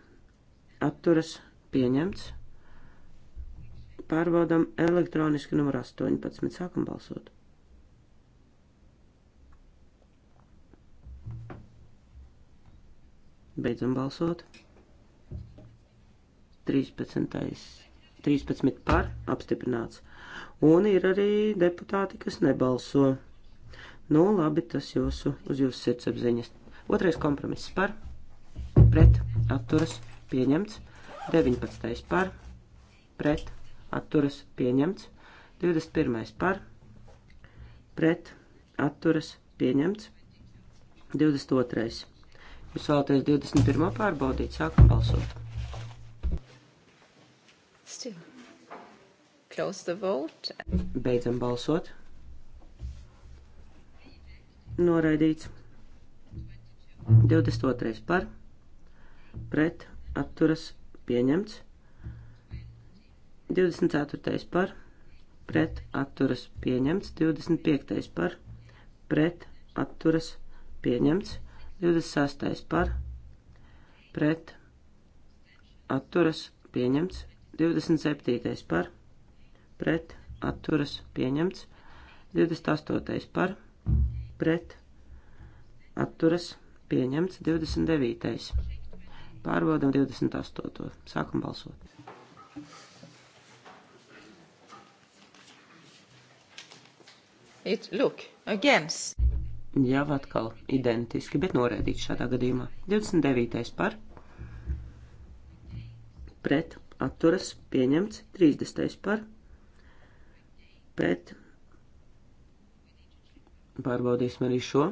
atturas pieņemts. Pārbaudam elektroniski numur 18. Sākam balsot. Beidzam balsot. 13. 13 par apstiprināts. Un ir arī deputāti, kas nebalso. Nu, labi, tas jūsu, uz jūsu sirdsapziņas. Otrais kompromiss par, pret, atturas, pieņemts, 19. par, pret, atturas, pieņemts, 21. par, pret, atturas, pieņemts, 22. Jūs vēlaties 21. pārbaudīt, sākam balsot. Still. Close the vote. Beidzam balsot. Noraidīts. 22. par, pret, atturas pieņemts. 24. par pret atturas pieņemts. 25. par pret atturas pieņemts. 26. par pret atturas pieņemts. 27. par pret atturas pieņemts. 28. par pret atturas pieņemts. 29. Pārbaudām 28. Sākam balsot. It look against. Jau atkal identiski, bet noraidīts šādā gadījumā. 29. par pret atturas pieņemts 30. par pret pārbaudīsim arī šo.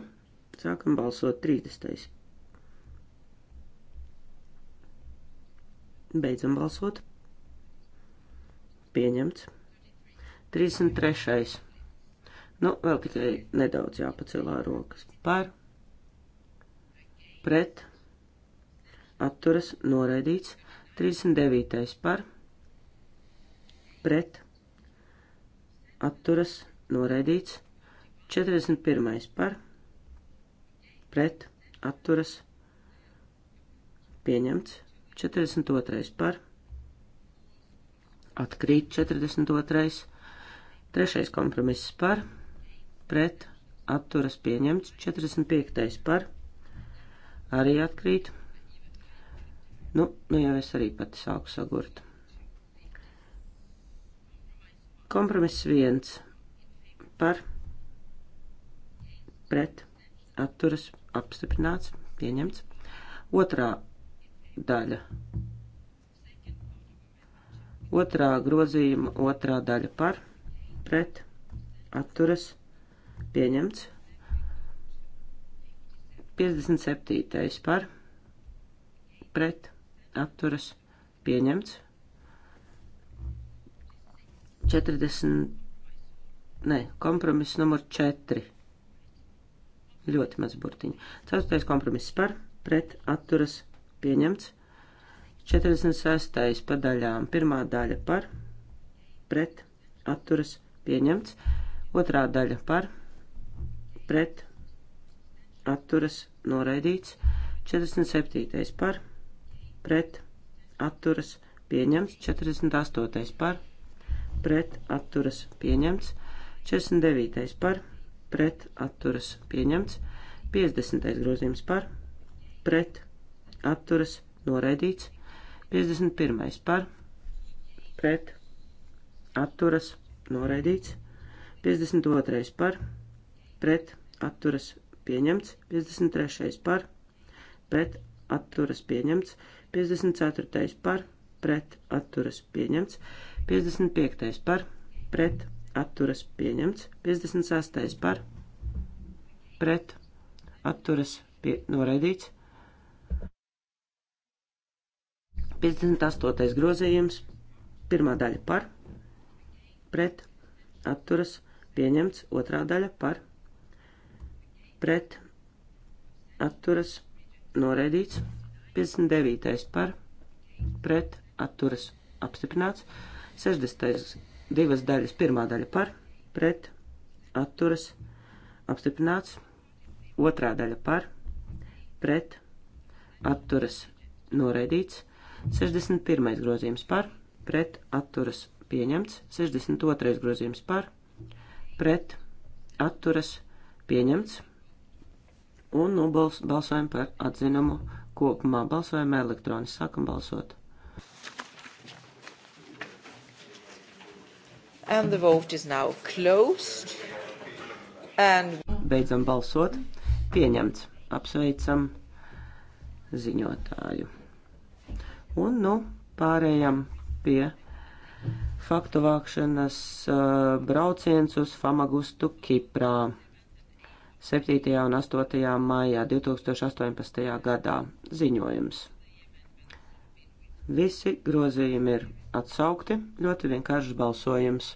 Sākam balsot 30. Beidzam balsot. Pieņemts. 33. Nu, vēl tikai nedaudz jāpacelā rokas. Par, pret, atturas, noraidīts. 39. par, pret, atturas, noraidīts. 41. par, pret, atturas, pieņemts. 42. par atkrīt 42. Trešais kompromiss par pret atturas pieņemts 45. par arī atkrīt. Nu, nu jau es arī pati sāku sagurt. Kompromiss viens par pret atturas apstiprināts, pieņemts. Otrā daļa. Otrā grozījuma otrā daļa par, pret, atturas, pieņemts. 57. par, pret, atturas, pieņemts. 40, ne, kompromiss numur 4. Ļoti maz burtiņa. Ceturtais kompromiss par, pret, atturas, pieņemts pieņemts. 46. padaļām pirmā daļa par, pret, atturas, pieņemts. Otrā daļa par, pret, atturas, noraidīts. 47. par, pret, atturas, pieņemts. 48. par, pret, atturas, pieņemts. 49. par, pret, atturas, pieņemts. 50. grozījums par, pret, atturas noraidīts. 51. par pret atturas noraidīts. 52. par pret atturas pieņemts. 53. par pret atturas pieņemts. 54. par pret atturas pieņemts. 55. par pret atturas pieņemts. 56. par pret atturas pie, noraidīts. 58. grozījums, pirmā daļa par, pret, atturas, pieņemts, otrā daļa par, pret, atturas, noraidīts, 59. par, pret, atturas, apstiprināts, 60. divas daļas, pirmā daļa par, pret, atturas, apstiprināts, otrā daļa par, pret, atturas, noraidīts, 61. grozījums par, pret atturas pieņemts, 62. grozījums par, pret atturas pieņemts, un nu bals, balsojam par atzinumu kopumā, balsojam elektroniski, sākam balsot. And the vote is now closed. And... Beidzam balsot. Pieņemts. Apsveicam ziņotāju. Un, nu, pārējām pie faktu vākšanas uh, brauciens uz Famagustu Kiprā 7. un 8. maijā 2018. gadā ziņojums. Visi grozījumi ir atsaukti, ļoti vienkāršs balsojums.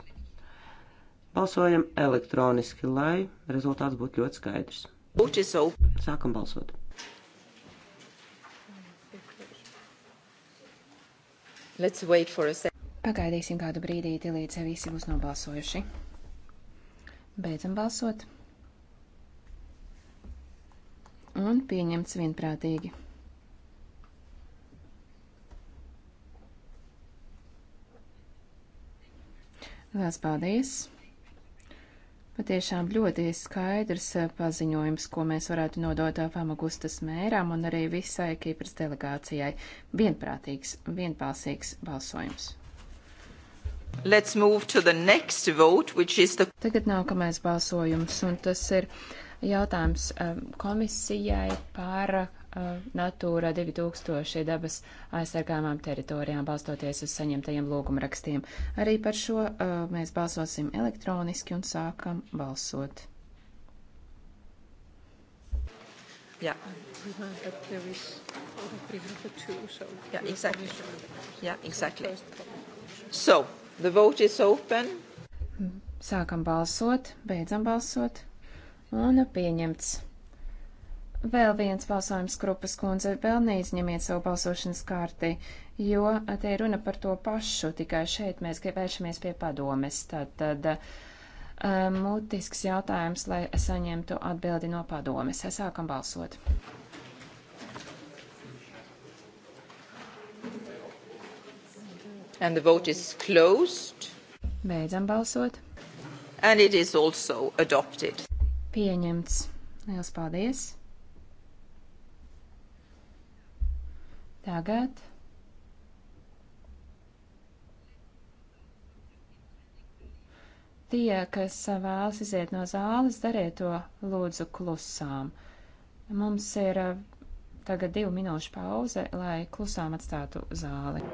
Balsojam elektroniski, lai rezultāts būtu ļoti skaidrs. Sākam balsot! Pagaidīsim kādu brīdīti, līdz visi būs nobalsojuši. Beidzam balsot. Un pieņemts vienprātīgi. Lielas paldies! Patiešām ļoti skaidrs eh, paziņojums, ko mēs varētu nodot eh, Famagustas mēram un arī visai Kīpras delegācijai. Vienprātīgs, vienbalsīgs balsojums. Let's move to the next vote, which is the... Tagad nākamais balsojums, un tas ir jautājums eh, komisijai par Uh, Natūra 2000 dabas aizsargāmām teritorijām balstoties uz saņemtajiem lūgumrakstiem. Arī par šo uh, mēs balsosim elektroniski un sākam balsot. Yeah. Yeah, exactly. Yeah, exactly. So, the vote is open. Sākam balsot, beidzam balsot un pieņemts. Vēl viens balsojums, Krupas kundze, vēl neizņemiet savu balsošanas karti, jo te ir runa par to pašu, tikai šeit mēs vēršamies pie padomes. Tātad uh, eh, mutisks jautājums, lai saņemtu atbildi no padomes. Sākam balsot. And the vote is closed. Beidzam balsot. And it is also adopted. Pieņemts. Liels paldies! Tagad tie, kas vēlas iziet no zāles, dariet to lūdzu klusām. Mums ir eh, tagad divu minūšu pauze, lai klusām atstātu zāli.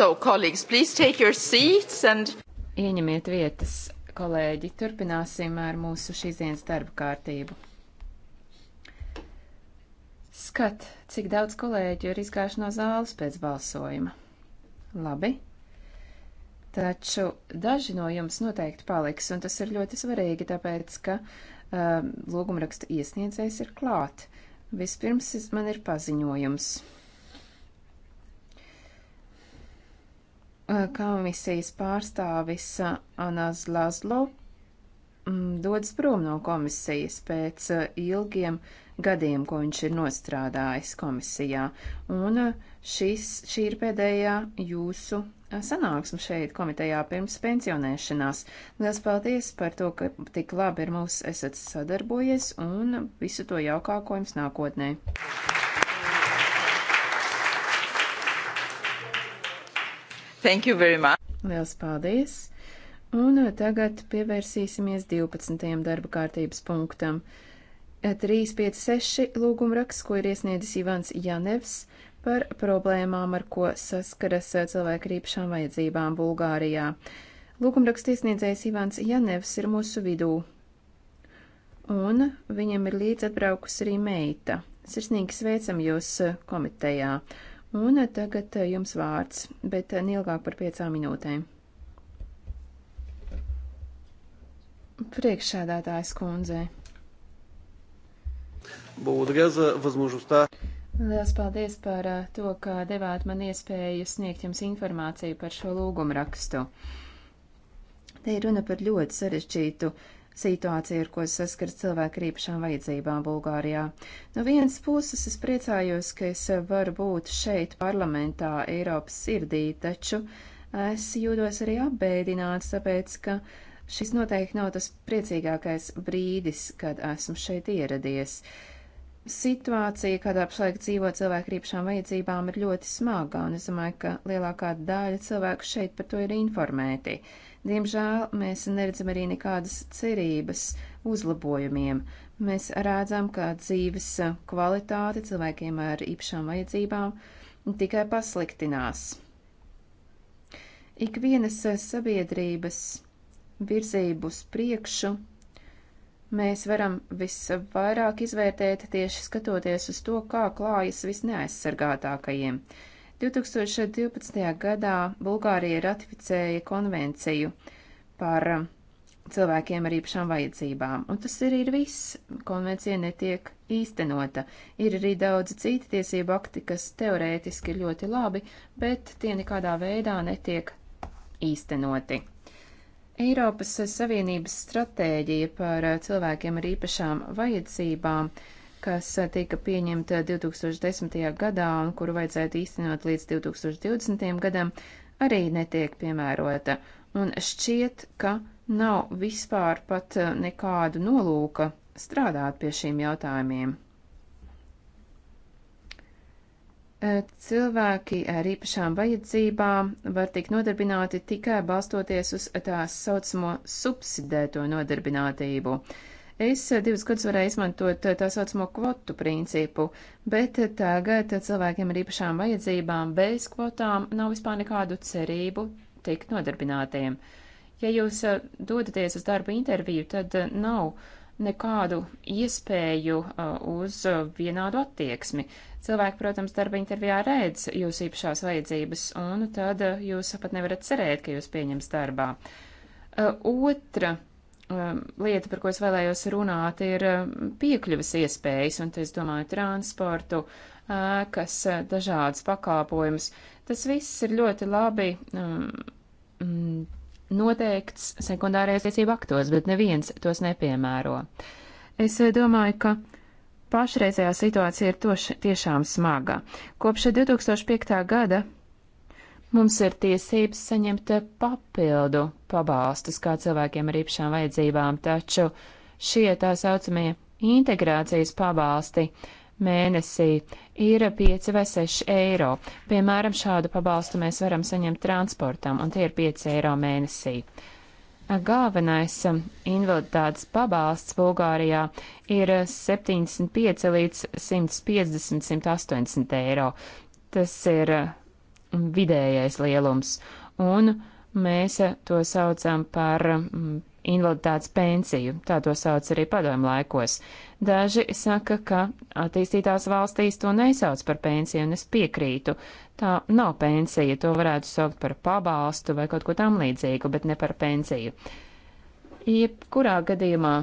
So, colleagues, please take your seats and. Ieņemiet vietas, kolēģi. Turpināsim ar mūsu šīs dienas darba kārtību. Skat, cik daudz kolēģi ir izgājuši no zāles pēc balsojuma. Labi. Taču daži no jums noteikti paliks, un tas ir ļoti svarīgi, tāpēc, ka um, lūgumraksta iesniedzējs ir klāt. Vispirms man ir paziņojums. Eh, komisijas pārstāvis eh, Anas Lazlo mm, dodas prom no komisijas pēc eh, ilgiem gadiem, ko viņš ir nostrādājis komisijā. Un šis, šī ir pēdējā jūsu sanāksme šeit komitejā pirms pensionēšanās. Lielas paldies par to, ka tik labi ar mums esat sadarbojies un visu to jaukāko jums nākotnē. Aplausos. Thank you very much. Liels paldies. Un tagad pievērsīsimies 12. darba kārtības punktam. 356 lūguma raksts, ko ir iesniedzis Ivans Janevs par problēmām, ar ko saskaras cilvēku rīpšām vajadzībām Bulgārijā. Lūguma raksts iesniedzējs Ivans Janevs ir mūsu vidū. Un viņam ir līdz atbraukusi arī meita. Sirsnīgi sveicam jūs komitejā. Uh, Un tagad eh, jums vārds, bet eh, neilgāk par piecām minūtēm. Priekšsēdētājs kundze. Благодаря за възможността. Lielas paldies par eh, to, ka devāt man iespēju sniegt jums informāciju par šo lūgumu rakstu. Te ir runa par ļoti sarežģītu uh, situācija, ar ko saskars cilvēki ar īpašām vajadzībām Bulgārijā. No vienas puses es priecājos, ka es varu būt šeit parlamentā Eiropas sirdī, taču es jūtos arī apbēdināts, tāpēc, ka šis noteikti nav tas priecīgākais brīdis, kad esmu šeit ieradies. Situācija, kādā pašlaik dzīvo cilvēku ar īpašām vajadzībām, ir ļoti smaga, un es domāju, ka lielākā daļa cilvēku šeit par to ir informēti. Uh, Diemžēl mēs neredzam arī nekādas cerības uzlabojumiem. Mēs redzam, ka dzīves kvalitāte cilvēkiem ar īpašām vajadzībām tikai pasliktinās. Ik vienas sabiedrības virzību uz priekšu mēs varam visvairāk izvērtēt tieši skatoties uz to, kā klājas visneaizsargātākajiem. 2012. gadā Bulgārija ratificēja konvenciju par um, cilvēkiem ar īpašām vajadzībām, un tas arī ir viss. Konvencija netiek īstenota. Ir arī daudz citi tiesību akti, kas teorētiski ir ļoti labi, bet tie nekādā veidā netiek īstenoti. Eiropas Savienības stratēģija par uh, cilvēkiem ar īpašām vajadzībām uh, kas tika pieņemta 2010. gadā un kuru vajadzētu īstenot līdz 2020. gadam, arī netiek piemērota, un šķiet, ka nav vispār pat eh, nekādu nolūka strādāt pie šīm jautājumiem. Eh, cilvēki ar īpašām vajadzībām var tikt nodarbināti tikai balstoties uz tās saucamo subsidēto nodarbinātību. Uh, Es divus gadus varēju izmantot eh, tā saucamo kvotu principu, bet eh, tagad eh, cilvēkiem ar īpašām vajadzībām bez kvotām nav vispār nekādu cerību tikt nodarbinātiem. Ja jūs dodaties uz darba interviju, tad nav nekādu iespēju uz vienādu attieksmi. Cilvēki, protams, darba intervijā redz jūsu īpašās vajadzības, un tad jūs pat nevarat cerēt, ka jūs pieņems darbā. Otra Um, lieta, par ko es vēlējos runāt, ir um, piekļuvas iespējas, un te es domāju transportu, ēkas, dažādas pakāpojumus. Tas viss ir ļoti labi um, mm, noteikts sekundārajās tiesību aktos, bet neviens tos nepiemēro. Es eh, domāju, ka pašreizējā situācija ir toši, tiešām smaga. Kopš 2005. Eh, gada Mums ir tiesības saņemt papildu pabalstus kā cilvēkiem ar īpašām vajadzībām, taču šie tā saucamie integrācijas pabalsti mēnesī ir 5 vai 6 eiro. Piemēram, šādu pabalstu mēs varam saņemt transportam, un tie ir 5 eiro mēnesī. Galvenais um, invaliditātes pabalsts Bulgārijā ir 75 līdz 150-180 eiro. Tas ir vidējais lielums, un mēs to saucam par mm, invaliditātes pensiju, tā to sauc arī padomu laikos. Daži saka, ka attīstītās valstīs to nesauc par pensiju, un es piekrītu. Tā nav pensija, to varētu saukt par pabalstu vai kaut ko tam līdzīgu, bet ne par pensiju. Jebkurā gadījumā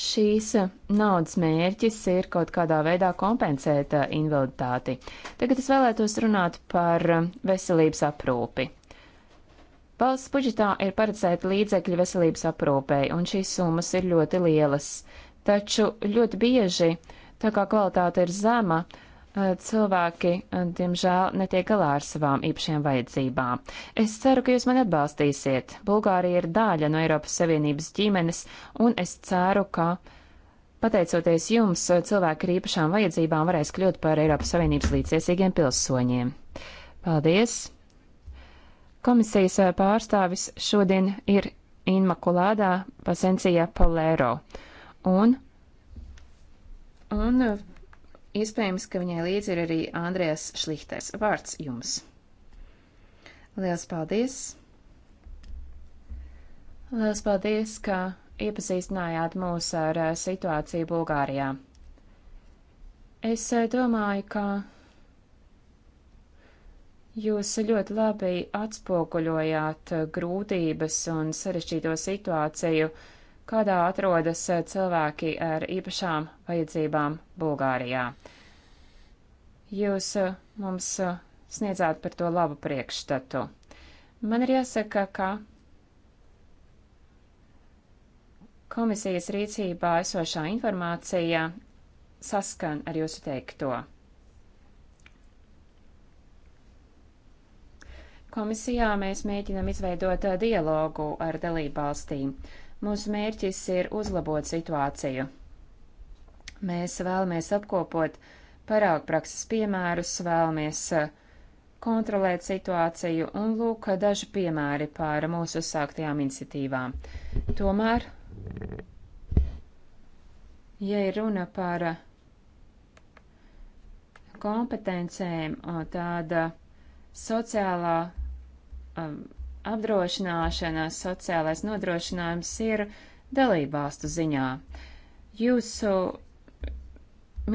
šīs eh, naudas mērķis ir kaut kādā veidā kompensēt eh, invaliditāti. Tagad es vēlētos runāt par eh, veselības aprūpi. Valsts budžetā ir paredzēta līdzekļi veselības aprūpei, un šīs summas ir ļoti lielas. Taču ļoti bieži, tā kā kvalitāte ir zema, Eh, cilvēki, eh, diemžēl, netiek galā ar savām īpašajām vajadzībām. Es ceru, ka jūs mani atbalstīsiet. Bulgārija ir daļa no Eiropas Savienības ģimenes, un es ceru, ka, pateicoties jums, eh, cilvēki ar īpašām vajadzībām varēs kļūt par Eiropas Savienības līdziesīgiem pilsoņiem. Paldies! Komisijas pārstāvis šodien ir Inmakulādā Pasencija Polero, un, un Iespējams, ka viņai līdzi ir arī Andrēs Šlihters. Vārds jums. Lielas paldies! Lielas paldies, ka iepazīstinājāt mūs ar eh, situāciju Bulgārijā. Es eh, domāju, ka jūs ļoti labi atspoguļojāt eh, grūtības un sarežģīto situāciju, uh, kādā atrodas eh, cilvēki ar īpašām vajadzībām Bulgārijā. Jūs eh, mums eh, sniedzāt par to labu priekšstatu. Man ir jāsaka, ka komisijas rīcībā esošā informācija saskan ar jūsu teikto. Komisijā mēs mēģinam izveidot dialogu ar dalībvalstīm. valstīm Mūsu mērķis ir uzlabot situāciju. Mēs vēlamies apkopot parāgu prakses piemērus, vēlamies eh, kontrolēt situāciju un lūk daži piemēri pār mūsu uzsāktajām iniciatīvām. Tomēr, ja ir runa par eh, kompetencēm, tāda sociālā um, apdrošināšana, sociālais nodrošinājums ir dalībvalstu ziņā. Jūsu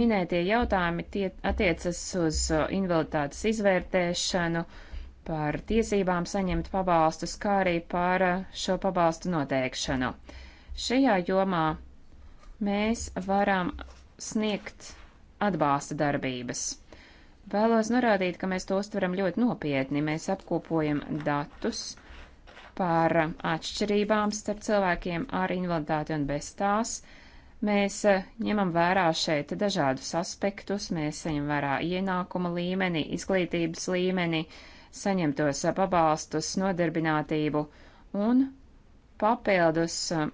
minētie jautājumi tie attiecas uz invaliditātes izvērtēšanu, par tiesībām saņemt pabalstus, kā arī par šo pabalstu noteikšanu. Šajā jomā mēs varam sniegt atbalsta darbības. Vēlos norādīt, ka mēs to uztveram ļoti nopietni. Mēs apkopojam datus par atšķirībām starp cilvēkiem ar invaliditāti un bez tās. Mēs eh, ņemam vērā šeit dažādus aspektus, mēs saņem vērā ienākuma līmeni, izglītības līmeni, saņemtos eh, pabalstus, nodarbinātību un papildus eh,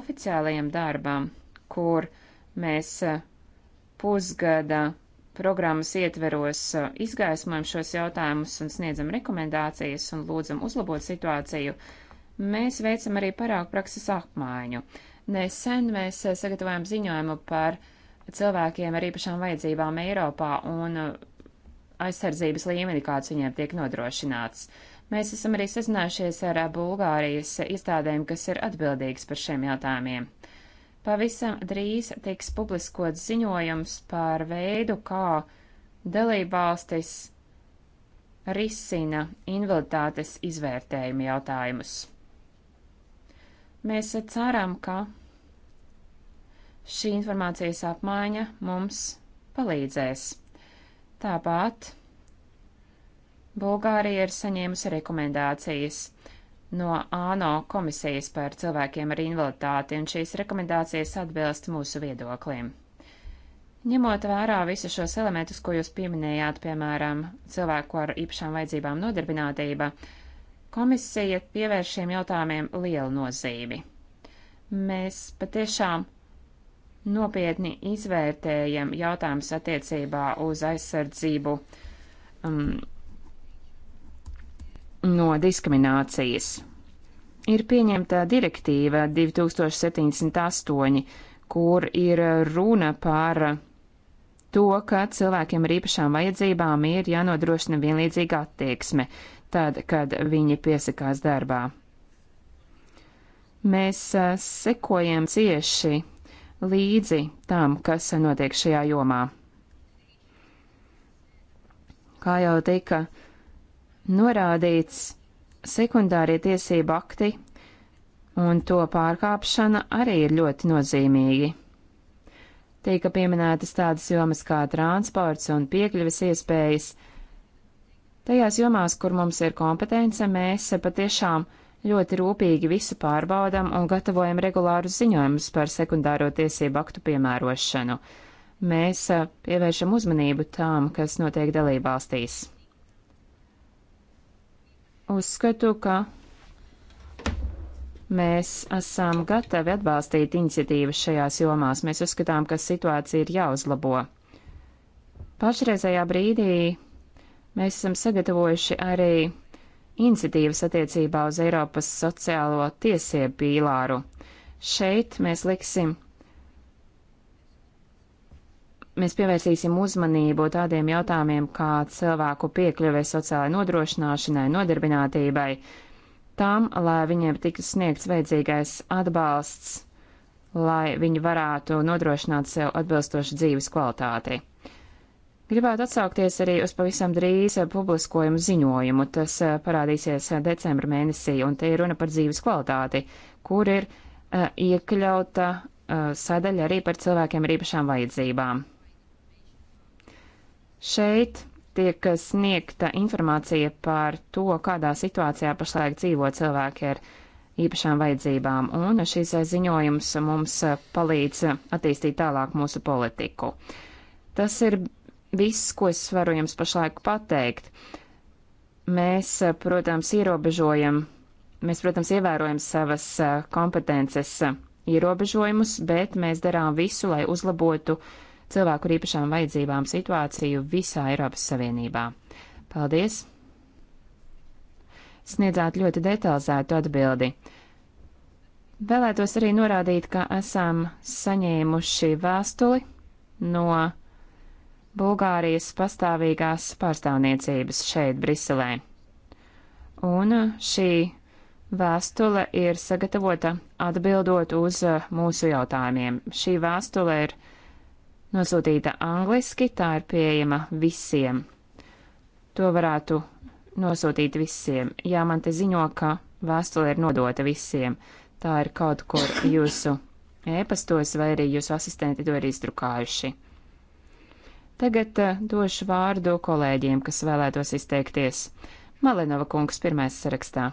oficiālajiem darbam, kur mēs pusgada programmas ietveros uh, izgaismojam šos jautājumus un sniedzam rekomendācijas un lūdzam uzlabot situāciju, mēs veicam arī parāku prakses apmaiņu. Nesen mēs uh, sagatavojam ziņojumu par cilvēkiem ar īpašām vajadzībām Eiropā un uh, aizsardzības līmeni, kāds viņiem tiek nodrošināts. Mēs esam arī sazinājušies ar Bulgārijas iestādēm, kas ir atbildīgas par šiem jautājumiem. Pavisam drīz tiks publiskots ziņojums par veidu, kā dalībvalstis risina invaliditātes izvērtējumu jautājumus. Mēs ceram, ka šī informācijas apmaiņa mums palīdzēs. Tāpat Bulgārija ir saņēmusi rekomendācijas no ANO komisijas par cilvēkiem ar invaliditāti, un šīs rekomendācijas atbilst mūsu viedoklim. Ņemot vērā visus šos elementus, ko jūs pieminējāt, piemēram, cilvēku ar īpašām vajadzībām nodarbinātība, komisija pievērš šiem jautājumiem lielu nozīmi. Mēs patiešām nopietni izvērtējam jautājumus attiecībā uz aizsardzību um, no diskriminācijas. Ir pieņemta direktīva 2078, kur ir runa par to, ka cilvēkiem ar īpašām vajadzībām ir jānodrošina vienlīdzīga attieksme, tad, kad viņi piesakās darbā. Mēs sekojam cieši līdzi tam, kas notiek šajā jomā. Kā jau tika norādīts sekundārie tiesību akti, un to pārkāpšana arī ir ļoti nozīmīgi. Tika pieminētas tādas jomas kā transports un piekļuves iespējas. Tajās jomās, kur mums ir kompetence, mēs patiešām ļoti rūpīgi visu pārbaudam un gatavojam regulārus ziņojumus par sekundāro tiesību aktu piemērošanu. Mēs uh, pievēršam uzmanību tām, kas notiek dalībvalstīs uzskatu, ka mēs esam gatavi atbalstīt iniciatīvas šajās jomās. Mēs uzskatām, ka situācija ir jāuzlabo. Pašreizējā brīdī mēs esam sagatavojuši arī iniciatīvas attiecībā uz Eiropas sociālo tiesību pīlāru. Šeit mēs liksim mēs pievērsīsim uzmanību tādiem jautājumiem kā cilvēku piekļuve sociālai nodrošināšanai, nodarbinātībai, tam, lai viņiem tiktu sniegts vajadzīgais atbalsts, lai viņi varētu nodrošināt sev atbilstošu dzīves kvalitāti. Gribētu atsaukties arī uz pavisam drīz publiskojumu ziņojumu. Tas eh, parādīsies eh, decembra mēnesī, un te ir runa par dzīves kvalitāti, kur ir uh, iekļauta uh, sadaļa arī par cilvēkiem ar īpašām vajadzībām. Šeit tiek sniegta informācija par to, kādā situācijā pašlaik dzīvo cilvēki ar īpašām vajadzībām, un šis ziņojums mums palīdz attīstīt tālāk mūsu politiku. Tas ir viss, ko es varu jums pašlaik pateikt. Mēs, protams, ierobežojam, mēs, protams, ievērojam savas eh, kompetences ierobežojumus, bet mēs darām visu, lai uzlabotu uh, cilvēku ar īpašām vajadzībām situāciju visā Eiropas Savienībā. Paldies! Sniedzāt ļoti detalizētu atbildi. Vēlētos arī norādīt, ka esam saņēmuši vēstuli no Bulgārijas pastāvīgās pārstāvniecības šeit, Briselē. Un šī vēstule ir sagatavota atbildot uz mūsu jautājumiem. Šī vēstule ir nosūtīta angliski, tā ir pieejama visiem. To varētu nosūtīt visiem. Jā, man te ziņo, ka vēstule ir nodota visiem. Tā ir kaut kur jūsu ēpastos, vai arī jūsu asistenti to ir izdrukājuši. Tagad uh, došu vārdu kolēģiem, kas vēlētos izteikties. Malinova kungs pirmais sarakstā.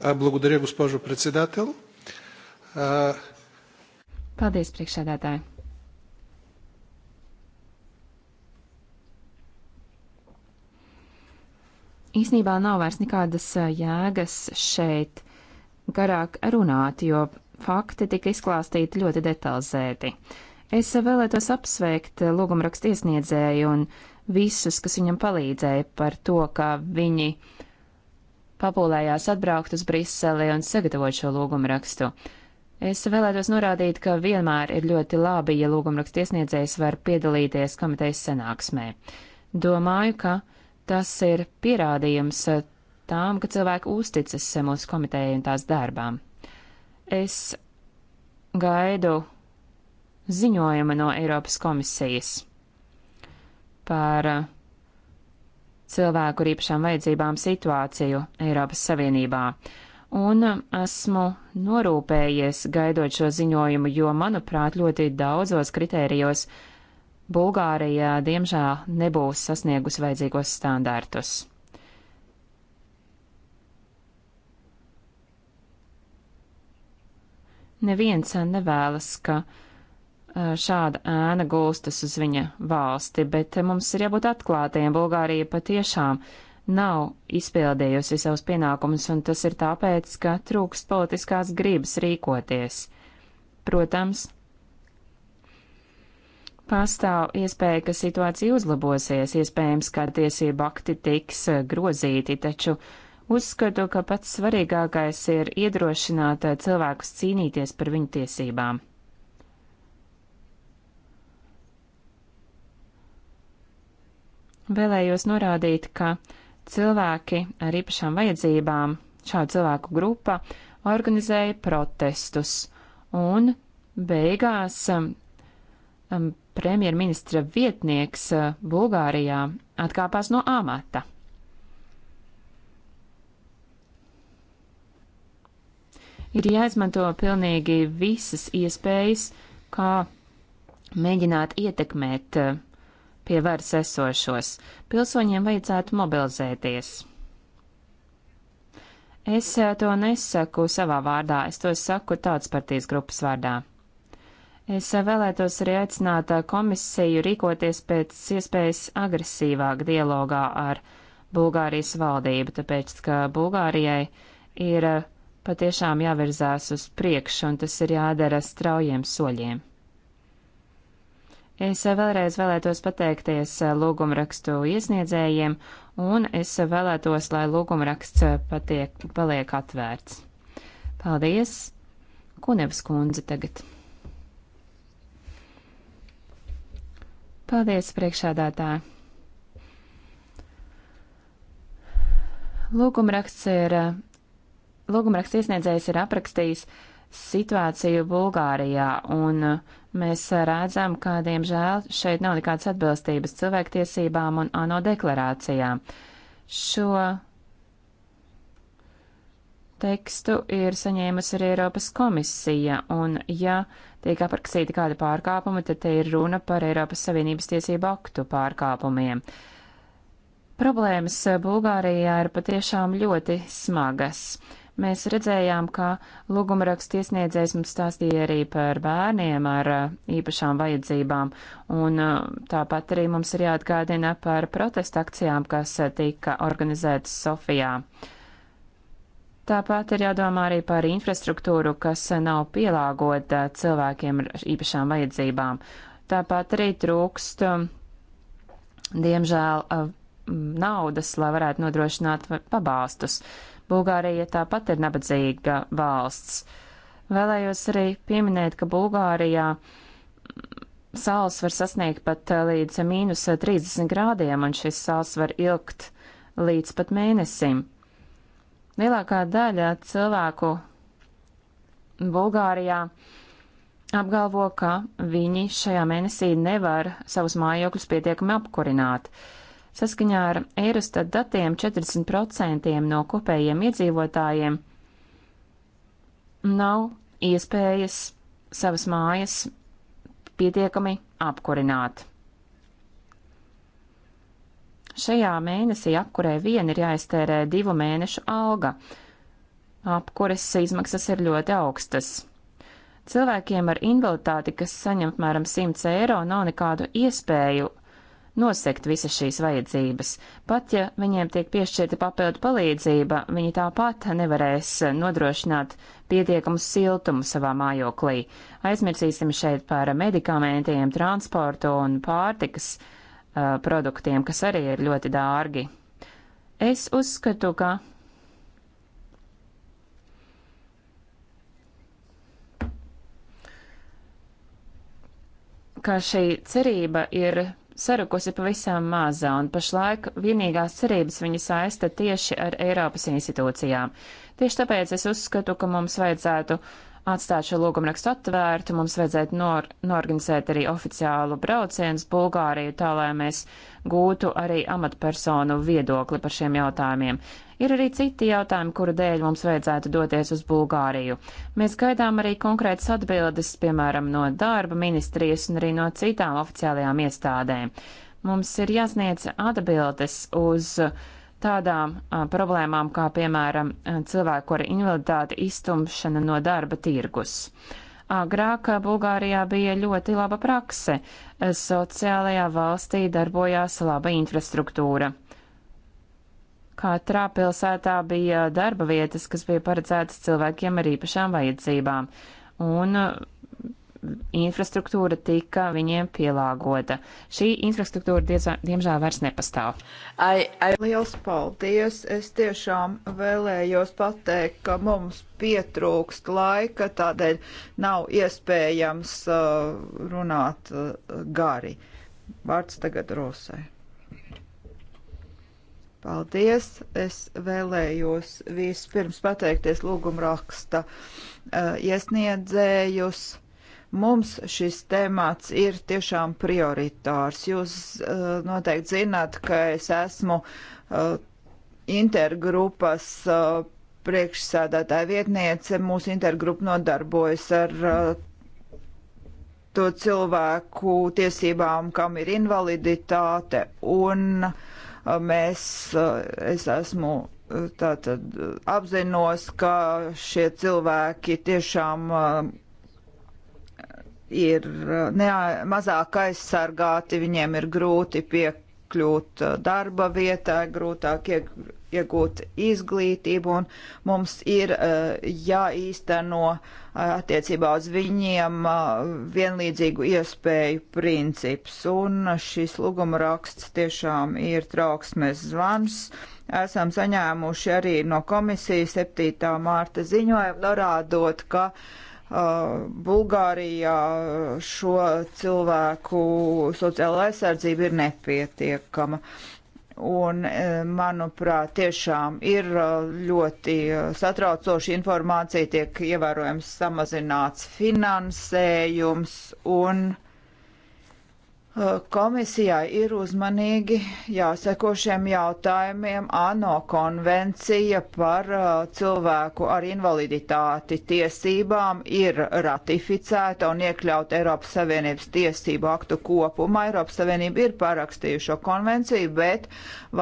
Благодаря, госпожо председател. Paldies, priekšsēdētāji! Īsnībā nav vairs nekādas jēgas šeit garāk runāt, jo fakti tika izklāstīti ļoti detalizēti. Es vēlētos apsveikt lūgumrakstu iesniedzēju un visus, kas viņam palīdzēja par to, ka viņi papūlējās atbraukt uz Briseli un sagatavot šo lūgumrakstu. rakstu. Es vēlētos norādīt, ka vienmēr ir ļoti labi, ja lūgumraksta iesniedzējs var piedalīties komitejas sanāksmē. Domāju, ka tas ir pierādījums eh, tām, ka cilvēki uzticas eh, mūsu komitejai un tās darbām. Es gaidu ziņojuma no Eiropas komisijas par eh, cilvēku ar īpašām vajadzībām situāciju Eiropas Savienībā. Uh, un um, esmu norūpējies gaidot šo ziņojumu, jo, manuprāt, ļoti daudzos kritērijos Bulgārija, diemžēl, nebūs sasniegusi vajadzīgos standārtus. Neviens nevēlas, ka uh, šāda ēna gulstas uz viņa valsti, bet uh, mums ir jābūt atklātiem. Bulgārija patiešām uh, nav izpildījusi savus pienākumus, un tas ir tāpēc, ka trūkst politiskās gribas rīkoties. Protams, pastāv iespēja, ka situācija uzlabosies, iespējams, ka tiesība akti tiks eh, grozīti, taču uzskatu, ka pats svarīgākais ir iedrošināt eh, cilvēkus cīnīties par viņu tiesībām. Vēlējos norādīt, ka cilvēki ar īpašām vajadzībām, šādu cilvēku grupa, organizēja protestus, un beigās um, um, premjerministra vietnieks uh, Bulgārijā atkāpās no amata. Ir jāizmanto pilnīgi visas iespējas, kā mēģināt ietekmēt uh, pie varas esošos. Pilsoņiem vajadzētu mobilizēties. Es eh, to nesaku savā vārdā, es to saku tāds partijas grupas vārdā. Es eh, vēlētos arī aicināt eh, komisiju rīkoties pēc iespējas agresīvāk dialogā ar Bulgārijas valdību, tāpēc, ka Bulgārijai ir patiešām jāvirzās uz priekšu, un tas ir jādara straujiem soļiem. Es vēlreiz vēlētos pateikties eh, lūgumrakstu iesniedzējiem, un es vēlētos, lai lūgumraksts eh, patiek, paliek atvērts. Paldies! Kunevs kundze tagad. Paldies, priekšādātāji! Lūgumraksts ir, eh, lūgumraksts iesniedzējs ir aprakstījis, uh, situāciju Bulgārijā, un uh, mēs uh, redzam, ka, diemžēl, šeit nav nekādas atbilstības cilvēktiesībām un ANO deklarācijām. Šo tekstu ir saņēmusi arī Eiropas komisija, un ja tiek aprakstīti kādi pārkāpumi, tad te ir runa par Eiropas Savienības tiesību aktu pārkāpumiem. Problēmas uh, Bulgārijā ir patiešām ļoti smagas. Mēs redzējām, ka lūgumraksta iesniedzējs mums stāstīja arī par bērniem ar uh, īpašām vajadzībām, un uh, tāpat arī mums ir jāatgādina par protesta akcijām, kas uh, tika organizētas Sofijā. Tāpat ir jādomā arī par infrastruktūru, kas nav pielāgota cilvēkiem ar īpašām vajadzībām. Tāpat arī trūkst, um, diemžēl, naudas, lai varētu nodrošināt pabalstus. Bulgārija tāpat ir nabadzīga valsts. Vēlējos arī pieminēt, ka Bulgārijā sāls var sasniegt pat eh, līdz mīnus 30 eh, grādiem, un šis sāls var ilgt līdz pat mēnesim. Lielākā daļa cilvēku Bulgārijā apgalvo, ka viņi šajā mēnesī nevar savus mājokļus pietiekami apkurināt. Uh, Saskaņā ar Eirostat datiem 40% no kopējiem iedzīvotājiem nav iespējas savas mājas pietiekami apkurināt. Šajā mēnesī apkurē vien ir jāiztērē divu mēnešu alga. Apkures izmaksas ir ļoti augstas. Cilvēkiem ar invaliditāti, kas saņem apmēram 100 eiro, nav nekādu iespēju nosekt visas šīs vajadzības. Pat ja viņiem tiek piešķirta papildu palīdzība, viņi tāpat nevarēs nodrošināt pietiekamu siltumu savā mājoklī. Aizmirsīsim šeit par medikamentiem, transportu un pārtikas uh, produktiem, kas arī ir ļoti dārgi. Es uzskatu, ka ka šī cerība ir sarukusi pavisam maza, un pašlaik vienīgās cerības viņa saista tieši ar Eiropas institūcijām. Tieši tāpēc es uzskatu, ka mums vajadzētu uh, atstāt šo lūgumrakstu atvērtu, mums vajadzētu nor norganizēt arī oficiālu braucienu uz Bulgāriju, tā lai mēs gūtu arī amatpersonu viedokli par šiem jautājumiem. Ir arī citi jautājumi, kuru dēļ mums vajadzētu doties uz Bulgāriju. Mēs gaidām arī konkrētas atbildes, piemēram, no darba ministrijas un arī no citām oficiālajām iestādēm. Mums ir jāsniedz atbildes uz uh, tādām a, problēmām kā, piemēram, cilvēku ar invaliditāti iztumšana no darba tirgus. Agrāk Bulgārijā bija ļoti laba prakse, sociālajā valstī darbojās laba infrastruktūra. Katrā pilsētā bija darba vietas, kas bija paredzētas cilvēkiem ar īpašām vajadzībām, un infrastruktūra tika viņiem pielāgota. Šī infrastruktūra diezā, diemžēl vairs nepastāv. Ai, ai. Liels paldies! Es tiešām vēlējos pateikt, ka mums pietrūkst laika, tādēļ nav iespējams uh, runāt uh, gari. Vārds tagad Rosai. Paldies! Es vēlējos vispirms pateikties lūgumraksta uh, iesniedzējus. Ja Mums šis temats ir tiešām prioritārs. Jūs uh, noteikti zināt, ka es esmu uh, intergrupas uh, eh, priekšsādātāja vietniece. Mūsu intergrupa nodarbojas ar uh, to cilvēku tiesībām, kam ir invaliditāte, un mēs, es esmu tātad apzinos, ka šie cilvēki tiešām ir uh, ne, mazāk aizsargāti, viņiem ir grūti piekļūt uh, darba vietā, grūtāk iegūt izglītību, un mums ir uh, jāīsteno attiecībā uz viņiem vienlīdzīgu iespēju princips. Un šis lūguma raksts tiešām ir trauksmes zvans. Esam saņēmuši arī no komisijas 7. mārta ziņojumu, norādot, ka uh, Bulgārijā šo cilvēku sociāla aizsardzība ir nepietiekama. Un, manuprāt, tiešām ir ļoti satraucoša informācija, tiek ievērojams samazināts finansējums un uh, Komisijai ir uzmanīgi jāseko šiem jautājumiem. ANO konvencija par uh, cilvēku ar invaliditāti tiesībām ir ratificēta un iekļauta Eiropas Savienības tiesību aktu kopumā. Eiropas Savienība ir parakstījušo konvenciju, bet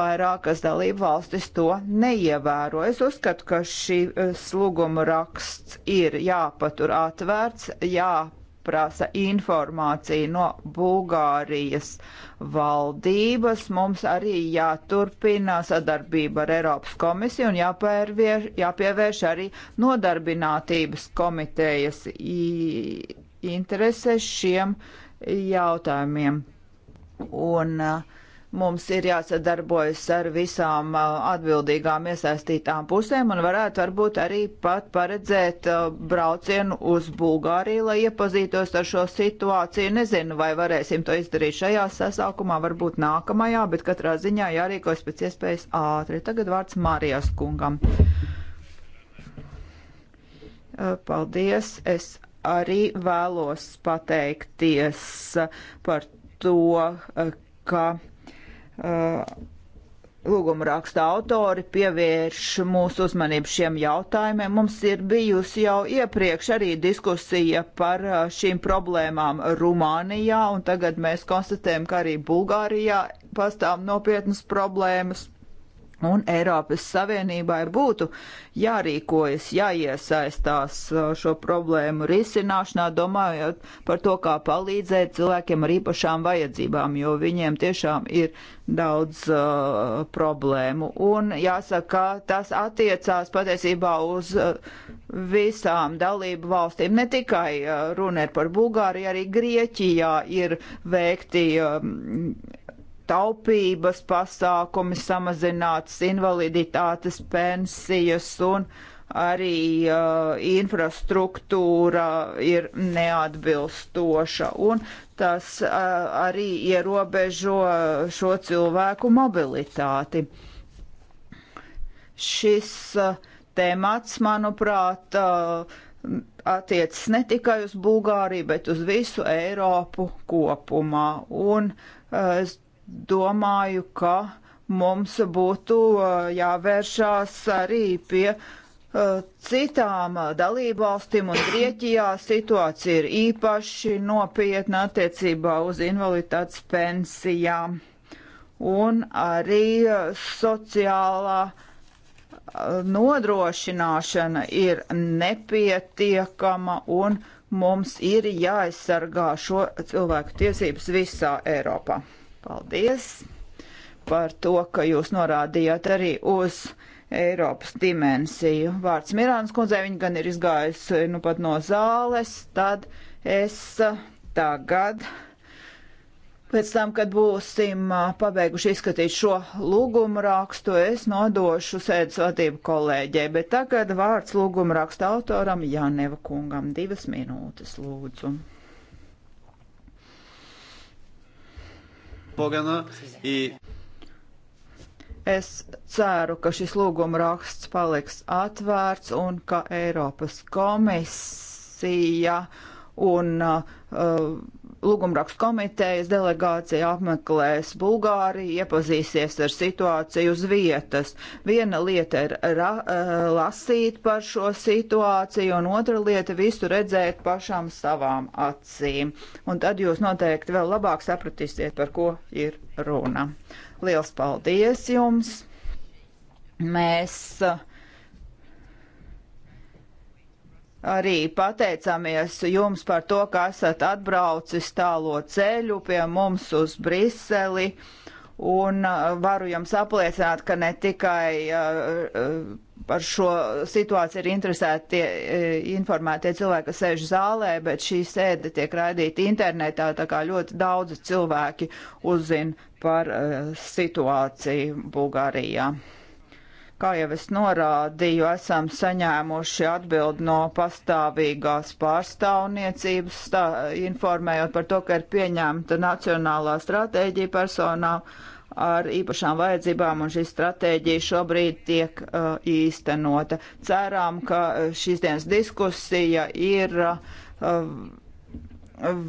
vairākas dalību valstis to neievēro. Es uzskatu, ka šī uh, sluguma raksts ir jāpatur atvērts, jāpatur jāprasa informācija no Bulgārijas valdības. Mums arī jāturpina sadarbība ar Eiropas komisiju un jāpērvieš, jāpievērš arī nodarbinātības komitejas intereses šiem jautājumiem. Un uh, Mums ir jāsadarbojas ar visām uh, atbildīgām iesaistītām pusēm un varētu varbūt arī pat paredzēt uh, braucienu uz Bulgāriju, lai iepazītos ar šo situāciju. Nezinu, vai varēsim to izdarīt šajā sasaukumā, varbūt nākamajā, bet katrā ziņā jārīkojas pēc iespējas ātri. Tagad vārds Marijas kungam. Uh, paldies! Es arī vēlos pateikties par to, ka Uh, lūguma raksta autori pievērš mūsu uzmanību šiem jautājumiem. Mums ir bijusi jau iepriekš arī diskusija par uh, šīm problēmām Rumānijā, un tagad mēs konstatējam, ka arī Bulgārijā pastāv nopietnas problēmas. Un Eiropas Savienībai būtu jārīkojas, jāiesaistās uh, šo problēmu risināšanā, domājot par to, kā palīdzēt cilvēkiem ar īpašām vajadzībām, jo viņiem tiešām ir daudz uh, problēmu. Un jāsaka, tas attiecās patiesībā uz uh, visām dalību valstīm. Ne tikai uh, runa ir par Bulgāriju, arī Grieķijā ir veikti. Uh, taupības pasākumi, samazinātas invaliditātes pensijas un arī uh, infrastruktūra ir neatbilstoša. Un tas uh, arī ierobežo šo cilvēku mobilitāti. Šis uh, temats, manuprāt, uh, attiecas ne tikai uz Bulgāriju, bet uz visu Eiropu kopumā. Un uh, es domāju, ka mums būtu uh, jāvēršās arī pie uh, citām dalībvalstīm, un Grieķijā situācija ir īpaši nopietna attiecībā uz invaliditātes pensijām un arī uh, sociālā nodrošināšana ir nepietiekama un mums ir jāaizsargā šo cilvēku tiesības visā Eiropā. Paldies par to, ka jūs norādījāt arī uz Eiropas dimensiju. Vārds Mirāns kundzei, viņa gan ir izgājusi eh, nu pat no zāles, tad es eh, tagad. Pēc tam, kad būsim eh, pabeiguši izskatīt šo lūgumu rakstu, es nodošu sēdes vadību kolēģei, bet tagad vārds lūgumu raksta autoram Janeva kungam divas minūtes lūdzu. pogana. I... Es ceru, ka šis lūguma raksts paliks atvērts un ka Eiropas komisija un uh, Lūgumrakstu komitejas delegācija apmeklēs Bulgāriju, iepazīsies ar situāciju uz vietas. Viena lieta ir ra, eh, lasīt par šo situāciju, un otra lieta visu redzēt pašām savām acīm. Un tad jūs noteikti vēl labāk sapratīsiet, par ko ir runa. Liels paldies jums! Mēs uh, Arī pateicamies jums par to, ka esat atbraucis tālo ceļu pie mums uz Briseli. Un uh, varu jums apliecināt, ka ne tikai uh, uh, par šo situāciju ir interesēti tie, informētie cilvēki, kas sēž zālē, bet šī sēde tiek raidīta internetā, tā kā ļoti daudzi cilvēki uzzina par situāciju Bulgārijā. Kā jau es norādīju, esam saņēmuši atbildi no pastāvīgās pārstāvniecības, stā, informējot par to, ka ir pieņemta nacionālā stratēģija personām ar īpašām vajadzībām, un šī stratēģija šobrīd tiek uh, īstenota. Cerām, ka uh, šīs dienas diskusija ir. Uh, uh,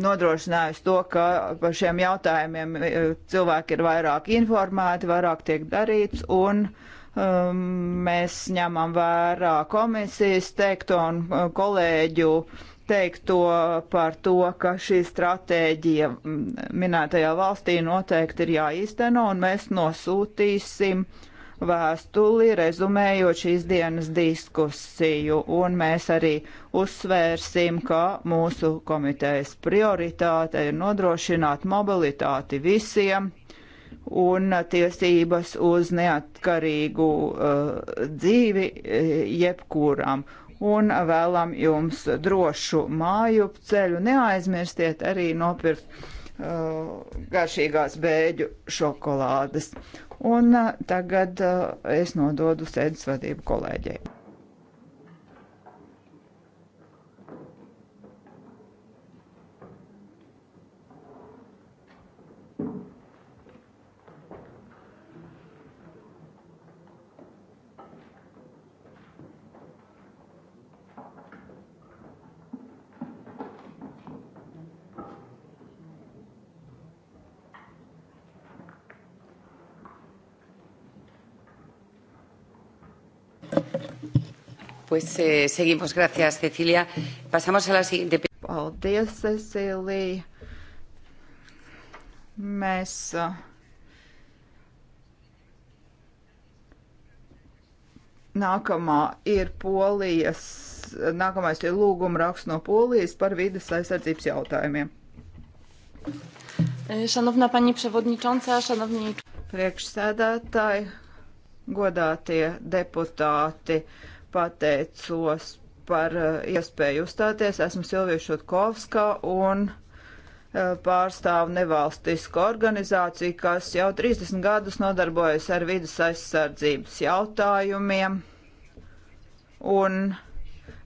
nodrošinājusi to, ka par šiem jautājumiem e, cilvēki ir vairāk informēti, vairāk tiek darīts, un um, mēs ņemam vērā komisijas teikto un e, kolēģu teikto par to, ka šī stratēģija minētajā valstī noteikti ir jāīsteno, un mēs nosūtīsim uh, vēstuli, rezumējot šīs dienas diskusiju, un mēs arī uzsvērsim, ka mūsu komitejas prioritāte ir nodrošināt mobilitāti visiem un tiesības uz neatkarīgu uh, dzīvi uh, jebkuram. Un vēlam jums drošu māju ceļu. Neaizmirstiet arī nopirkt uh, garšīgās bēģu šokolādes. Un eh, tagad eh, es nododu sēdes vadību kolēģiem. Pues eh, seguimos. Gracias, Cecilia. Pasamos a la siguiente. Paldies, Cecilija. Mēs. Uh, Nākamā ir polijas, nākamais ir lūguma raksts no polijas par vidas aizsardzības jautājumiem. Šanovna e, paņi prevodničonca, šanovni. Priekšsēdētāji, Godātie deputāti, pateicos par uh, iespēju uzstāties. Esmu Silvija Šutkovska un uh, pārstāvu nevalstisku organizāciju, kas jau 30 gadus nodarbojas ar vidas aizsardzības jautājumiem. Un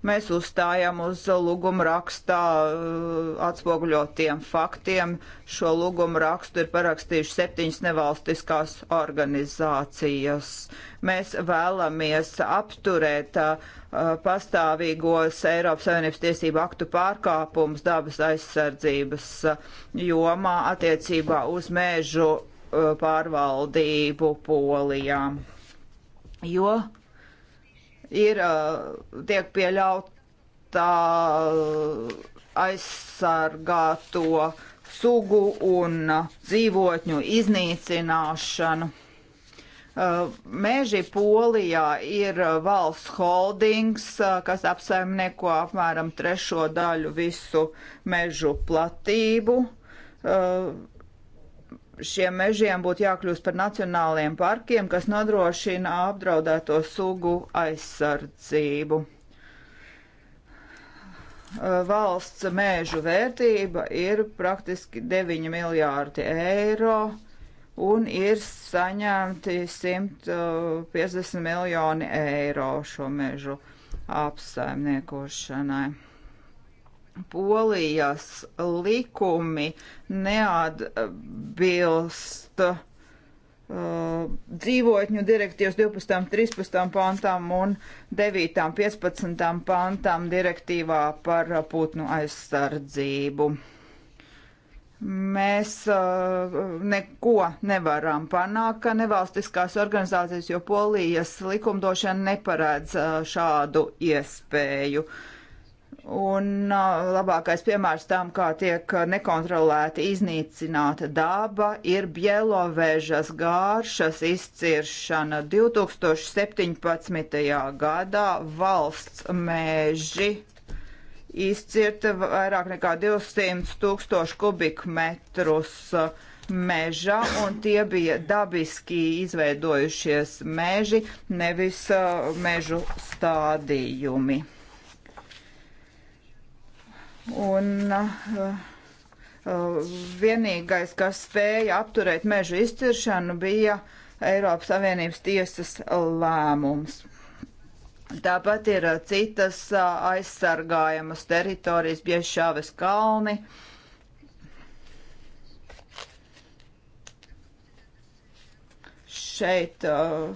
Mēs uzstājam uz lūguma rakstā uh, atspoguļotiem faktiem. Šo lūguma rakstu ir parakstījuši septiņas nevalstiskās organizācijas. Mēs vēlamies apturēt uh, pastāvīgos Eiropas Savienības tiesību aktu pārkāpumus dabas aizsardzības uh, jomā attiecībā uz mēžu pārvaldību Polijā. Jo ir, tiek pieļauta aizsargāto sugu un dzīvotņu iznīcināšanu. Meži Polijā ir valsts holdings, kas apsaimnieko apmēram trešo daļu visu mežu platību šiem mežiem būtu jākļūst par nacionāliem parkiem, kas nodrošina apdraudēto sugu aizsardzību. Eh, valsts mēžu vērtība ir praktiski 9 miljārdi eiro un ir saņemti 150 miljoni eiro šo mežu apsaimniekošanai polijas likumi neatbilst uh, dzīvotņu direktīvas 12, 13 pantām un 9, 15 pantām direktīvā par uh, putnu aizsardzību. Mēs uh, neko nevaram panākt, ka nevalstiskās organizācijas, jo polijas likumdošana neparēdz uh, šādu iespēju. Uh, Un labākais piemērs tam, kā tiek nekontrolēti iznīcināta daba, ir bielovēžas gāršas izciršana. 2017. gadā valsts mēži izcirta vairāk nekā 200 tūkstošu kubikmetrus meža, un tie bija dabiski izveidojušies meži, nevis mežu stādījumi. Un uh, uh, vienīgais, kas spēja apturēt mežu izciršanu, bija Eiropas Savienības tiesas lēmums. Tāpat ir uh, citas uh, aizsargājamas teritorijas, Biešāves kalni. Šeit uh,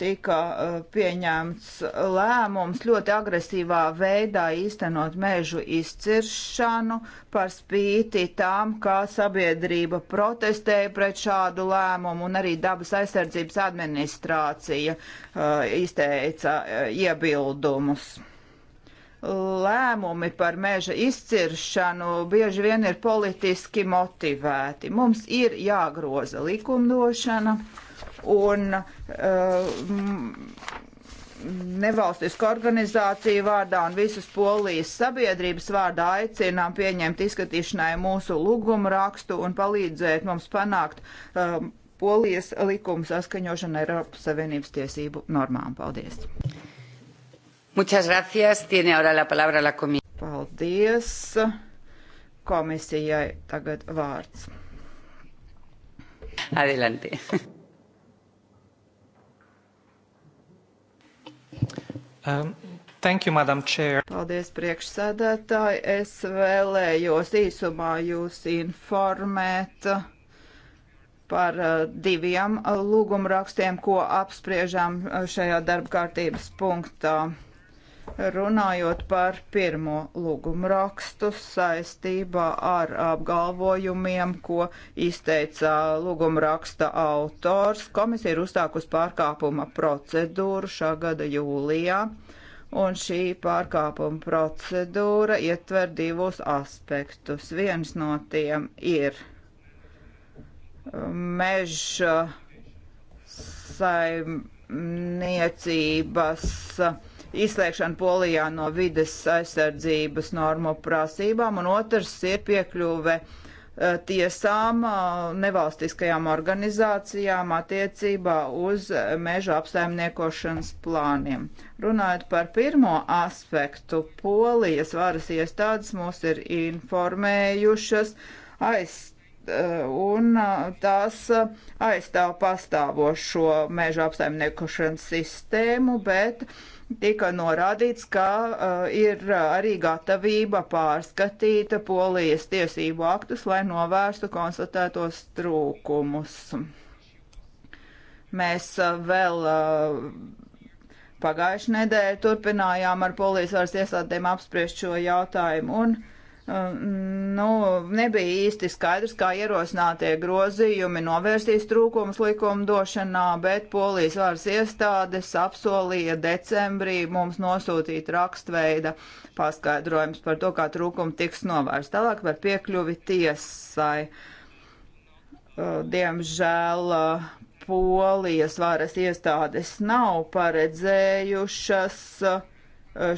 tika eh, pieņemts lēmums ļoti agresīvā veidā īstenot mežu izciršanu par spīti tām, kā sabiedrība protestēja pret šādu lēmumu un arī dabas aizsardzības administrācija uh, izteica uh, iebildumus. Lēmumi par meža izciršanu bieži vien ir politiski motivēti. Mums ir jāgroza likumdošana. Uh, un uh, nevalstiska organizācija vārdā un visas polijas sabiedrības vārdā aicinām pieņemt izskatīšanai mūsu lūgumu rakstu un palīdzēt mums panākt um, polijas likumu saskaņošanu Eiropas Savienības tiesību normām. Paldies! Muchas gracias. Tiene ahora la palabra la comisión. Paldies. Komisijai tagad vārds. Adelante. Um, thank you, Madam Chair. Paldies, priekšsēdētāji. Es vēlējos īsumā jūs informēt par uh, diviem uh, lūgumrakstiem, ko apspriežam uh, šajā darba kārtības punktā runājot par pirmo lūgumu rakstu saistībā ar apgalvojumiem, ko izteica lūgumu raksta autors. Komisija ir uzstākus pārkāpuma procedūru šā gada jūlijā, un šī pārkāpuma procedūra ietver divus aspektus. Viens no tiem ir meža saimniecības izslēgšana polijā no vides aizsardzības normu prasībām, un otrs ir piekļuve eh, tiesām, eh, nevalstiskajām organizācijām attiecībā uz eh, meža apsaimniekošanas plāniem. Runājot par pirmo aspektu, polijas varas iestādes mūs ir informējušas aiz, un tās aizstāv pastāvošo meža apsaimniekošanas sistēmu, bet uh, tika norādīts, ka uh, ir uh, arī gatavība pārskatīt polijas tiesību aktus, lai novērstu konstatētos trūkumus. Mēs uh, vēl uh, pagājušajā nedēļā turpinājām ar polijas varas iestādēm apspriest šo jautājumu. Un, uh, nu, nebija īsti skaidrs, kā ierosinātie grozījumi novērsīs trūkums likumdošanā, bet polijas varas iestādes apsolīja decembrī mums nosūtīt rakstveida paskaidrojums par to, kā trūkumi tiks novērst. Tālāk par piekļuvi tiesai. Uh, diemžēl uh, polijas varas iestādes nav paredzējušas uh,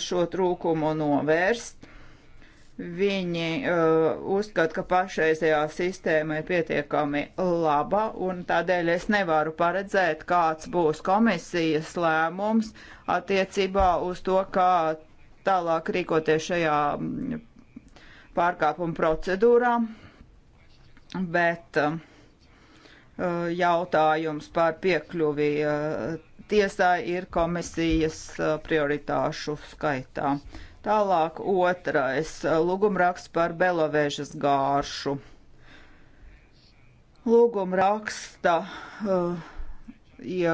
šo trūkumu novērst Viņi uh, uzskata, ka pašreizējā sistēma ir pietiekami laba, un tādēļ es nevaru paredzēt, kāds būs komisijas lēmums attiecībā uz to, kā tālāk rīkoties šajā mm, pārkāpuma procedūrā. Bet uh, jautājums par piekļuvi uh, tiesai ir komisijas uh, prioritāšu skaitā. Uh, Tālāk otrais uh, lūgumraksts par belovēžas gāršu. Lūgumraksta uh, ja,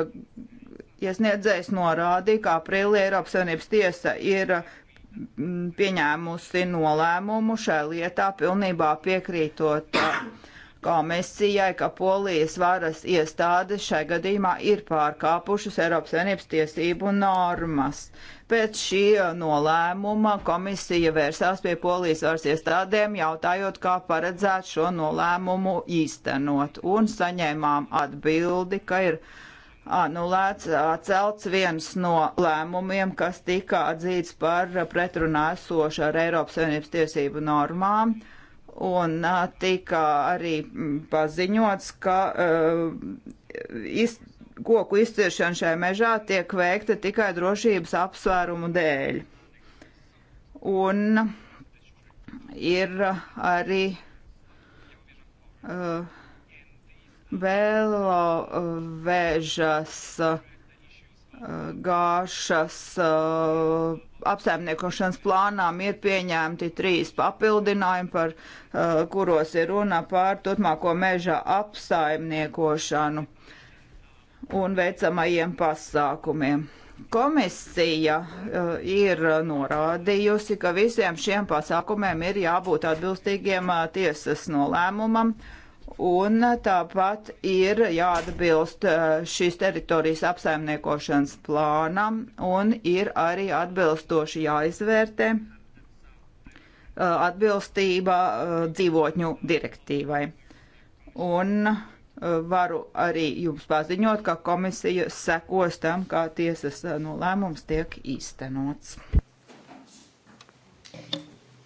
iesniedzējs norādīja, ka aprīlī Eiropas Savienības tiesa ir mm, pieņēmusi nolēmumu šai lietā pilnībā piekrītot. Uh, kā Mesijai, ka polijas varas iestādes šai gadījumā ir pārkāpušas Eiropas Savienības tiesību normas. Pēc šī nolēmuma komisija vērsās pie polijas varas iestādēm, jautājot, kā paredzēt šo nolēmumu īstenot, un saņēmām atbildi, ka ir anulēts, atcelts viens no lēmumiem, kas tika atzīts par pretrunā esošu ar Eiropas Savienības tiesību normām. Uh, un tika arī paziņots, ka uh, iz, koku izciešana šajā mežā tiek veikta tikai drošības apsvērumu dēļ. Un ir arī uh, vēlo vēžas. Uh, gāšas uh, apsaimniekošanas plānām ir pieņemti trīs papildinājumi, par uh, kuros ir runa par turpmāko meža apsaimniekošanu un veicamajiem pasākumiem. Komisija uh, ir norādījusi, ka visiem šiem pasākumiem ir jābūt atbilstīgiem uh, tiesas nolēmumam. Uh, Un tāpat ir jāatbilst eh, šīs teritorijas apsaimniekošanas plānam un ir arī atbilstoši jāizvērtē eh, atbilstība eh, dzīvotņu direktīvai. Un varu arī jums paziņot, ka komisija sekos tam, kā tiesas nolēmums tiek īstenots.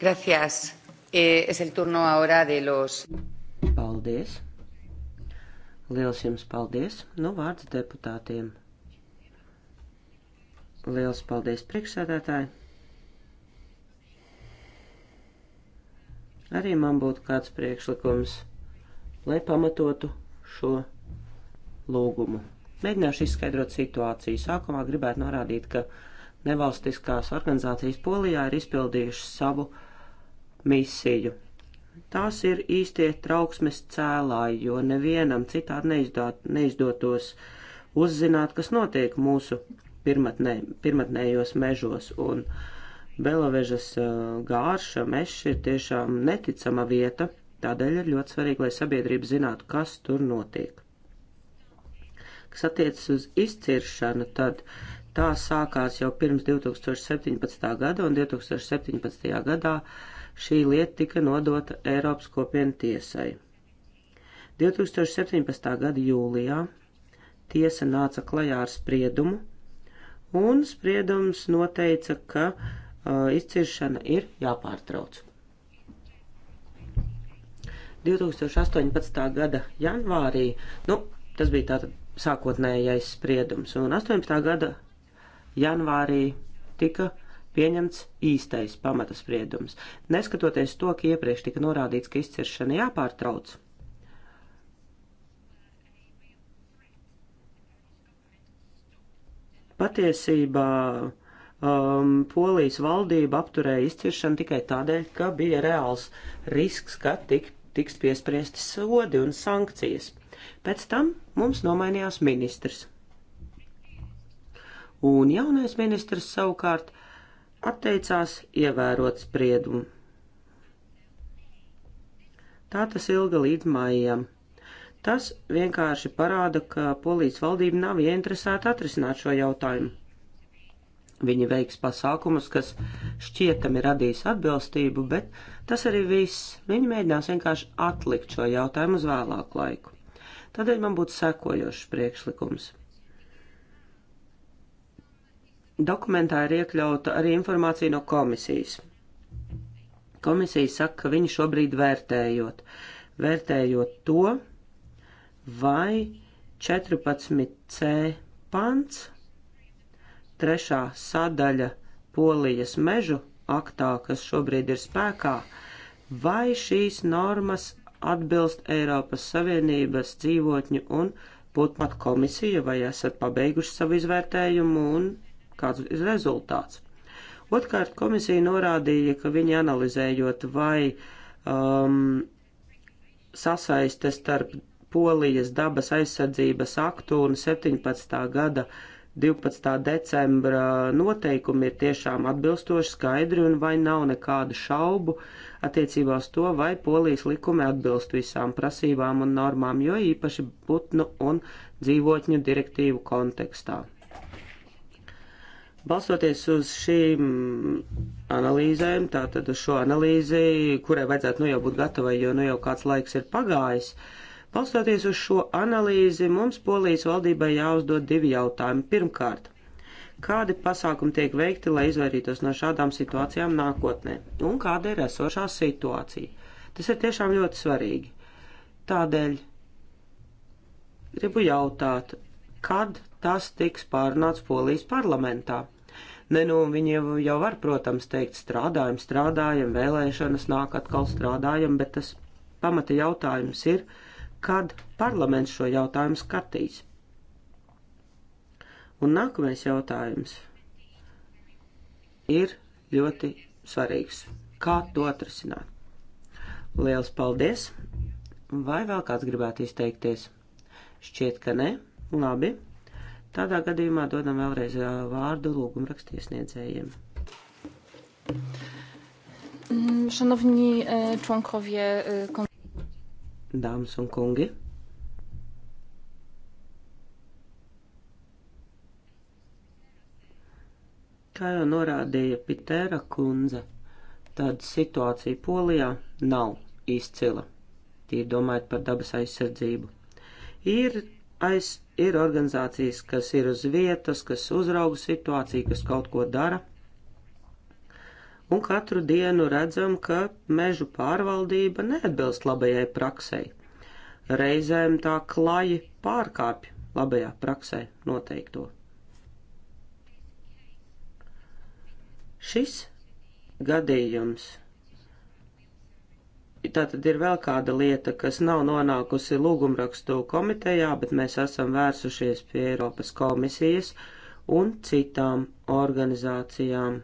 Gracias. Eh, es el turno ahora de los. Paldies! Liels jums paldies! Nu, vārds deputātiem! Liels paldies priekšsēdētāji! Arī man būtu kāds priekšlikums, lai pamatotu šo lūgumu. Mēģināšu izskaidrot situāciju. Sākumā gribētu norādīt, ka nevalstiskās organizācijas Polijā ir izpildījušas savu misiju Tās ir īstie trauksmes cēlāji, jo nevienam citādi neizdot, neizdotos uzzināt, kas notiek mūsu pirmatnē, pirmatnējos mežos. Un Belavežas uh, gārša mežs ir tiešām neticama vieta, tādēļ ir ļoti svarīgi, lai sabiedrība zinātu, kas tur notiek. Kas attiecas uz izciršanu, tad tā sākās jau pirms 2017. gada un 2017. gadā šī lieta tika nodota Eiropas kopienu tiesai. 2017. gada jūlijā tiesa nāca klajā ar spriedumu, un spriedums noteica, ka uh, izciršana ir jāpārtrauc. 2018. gada janvārī, nu, tas bija tātad sākotnējais spriedums, un 18. gada janvārī tika pieņemts īstais pamata spriedums, neskatoties to, ka iepriekš tika norādīts, ka izciršana jāpārtrauc. Patiesībā um, polijas valdība apturēja izciršanu tikai tādēļ, ka bija reāls risks, ka tik, tiks piespriesti sodi un sankcijas. Pēc tam mums nomainījās ministrs. Un jaunais ministrs savukārt atteicās ievērot spriedumu. Tā tas ilga līdz maijam. Tas vienkārši parāda, ka polijas valdība nav ieinteresēta atrisināt šo jautājumu. Viņi veiks pasākumus, kas šķietami radīs atbilstību, bet tas arī viss. Viņi mēģinās vienkārši atlikt šo jautājumu uz vēlāku laiku. Tādēļ man būtu sekojošs priekšlikums. Dokumentā ir iekļauta arī informācija no komisijas. Komisija saka, ka viņi šobrīd vērtējot, vērtējot to, vai 14c pants, trešā sadaļa polijas mežu aktā, kas šobrīd ir spēkā, vai šīs normas atbilst Eiropas Savienības dzīvotņu un putmat komisija, vai esat pabeiguši savu izvērtējumu un kāds ir rezultāts. Otkārt, komisija norādīja, ka viņi analizējot vai um, sasaiste starp Polijas dabas aizsardzības aktu un 17. gada 12. decembra noteikumi ir tiešām atbilstoši skaidri un vai nav nekādu šaubu attiecībā uz to, vai polijas likumi atbilst visām prasībām un normām, jo īpaši putnu un dzīvotņu direktīvu kontekstā. Balstoties uz šīm analīzēm, tātad uz šo analīzi, kurai vajadzētu nu jau būt gatavai, jo nu jau kāds laiks ir pagājis, balstoties uz šo analīzi, mums polijas valdībai jāuzdod divi jautājumi. Pirmkārt, kādi pasākumi tiek veikti, lai izvairītos no šādām situācijām nākotnē, un kāda ir esošā situācija? Tas ir tiešām ļoti svarīgi. Tādēļ gribu jautāt, kad tas tiks pārnāts polijas parlamentā? Ne, nu, viņi jau var, protams, teikt, strādājam, strādājam, vēlēšanas nāk atkal strādājam, bet tas pamata jautājums ir, kad parlaments šo jautājumu skatīs. Un nākamais jautājums ir ļoti svarīgs. Kā to atrisināt? Liels paldies! Vai vēl kāds gribētu izteikties? Šķiet, ka nē. Labi. Tādā gadījumā dodam vēlreiz uh, vārdu lūgumu rakstiesniedzējiem. Šanovņi mm, čonkovie. E, e, Dāmas un kungi. Kā jau norādīja Pitēra kundze, tad situācija Polijā nav izcila tīri domājot par dabas aizsardzību. Ir aiz ir organizācijas, kas ir uz vietas, kas uzrauga situāciju, kas kaut ko dara. Un katru dienu redzam, ka mežu pārvaldība neatbilst labajai praksei. Reizēm tā klaji pārkāpj labajā praksē noteikto. Šis gadījums Tātad ir vēl kāda lieta, kas nav nonākusi lūgumrakstu komitejā, bet mēs esam vērsušies pie Eiropas komisijas un citām organizācijām.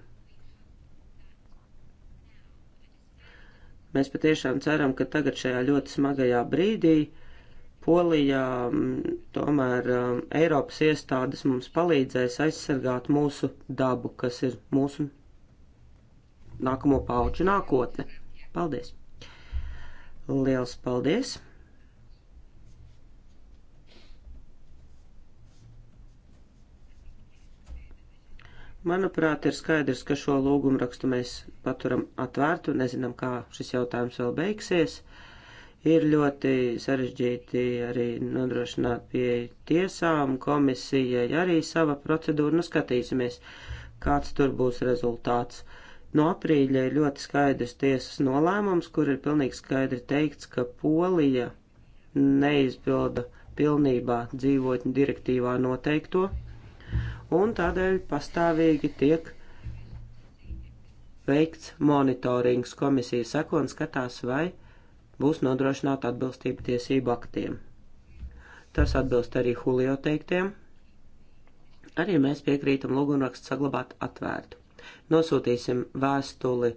Mēs patiešām ceram, ka tagad šajā ļoti smagajā brīdī Polijā mm, tomēr mm, Eiropas iestādes mums palīdzēs aizsargāt mūsu dabu, kas ir mūsu nākamo pauģu nākotne. Paldies! Liels paldies! Manuprāt, ir skaidrs, ka šo lūgumu rakstu mēs paturam atvērtu, nezinām, kā šis jautājums vēl beigsies. Ir ļoti sarežģīti arī nodrošināt pieeju tiesām, komisijai arī sava procedūra, nu skatīsimies, kāds tur būs rezultāts. No aprīļa ir ļoti skaidrs tiesas nolēmums, kur ir pilnīgi skaidri teikts, ka Polija neizbilda pilnībā dzīvotņu direktīvā noteikto, un tādēļ pastāvīgi tiek veikts monitorings komisija seko un skatās, vai būs nodrošināta atbilstība tiesību aktiem. Tas atbilst arī Hulio teiktiem. Arī mēs piekrītam lūgumrakstu saglabāt atvērtu nosūtīsim vēstuli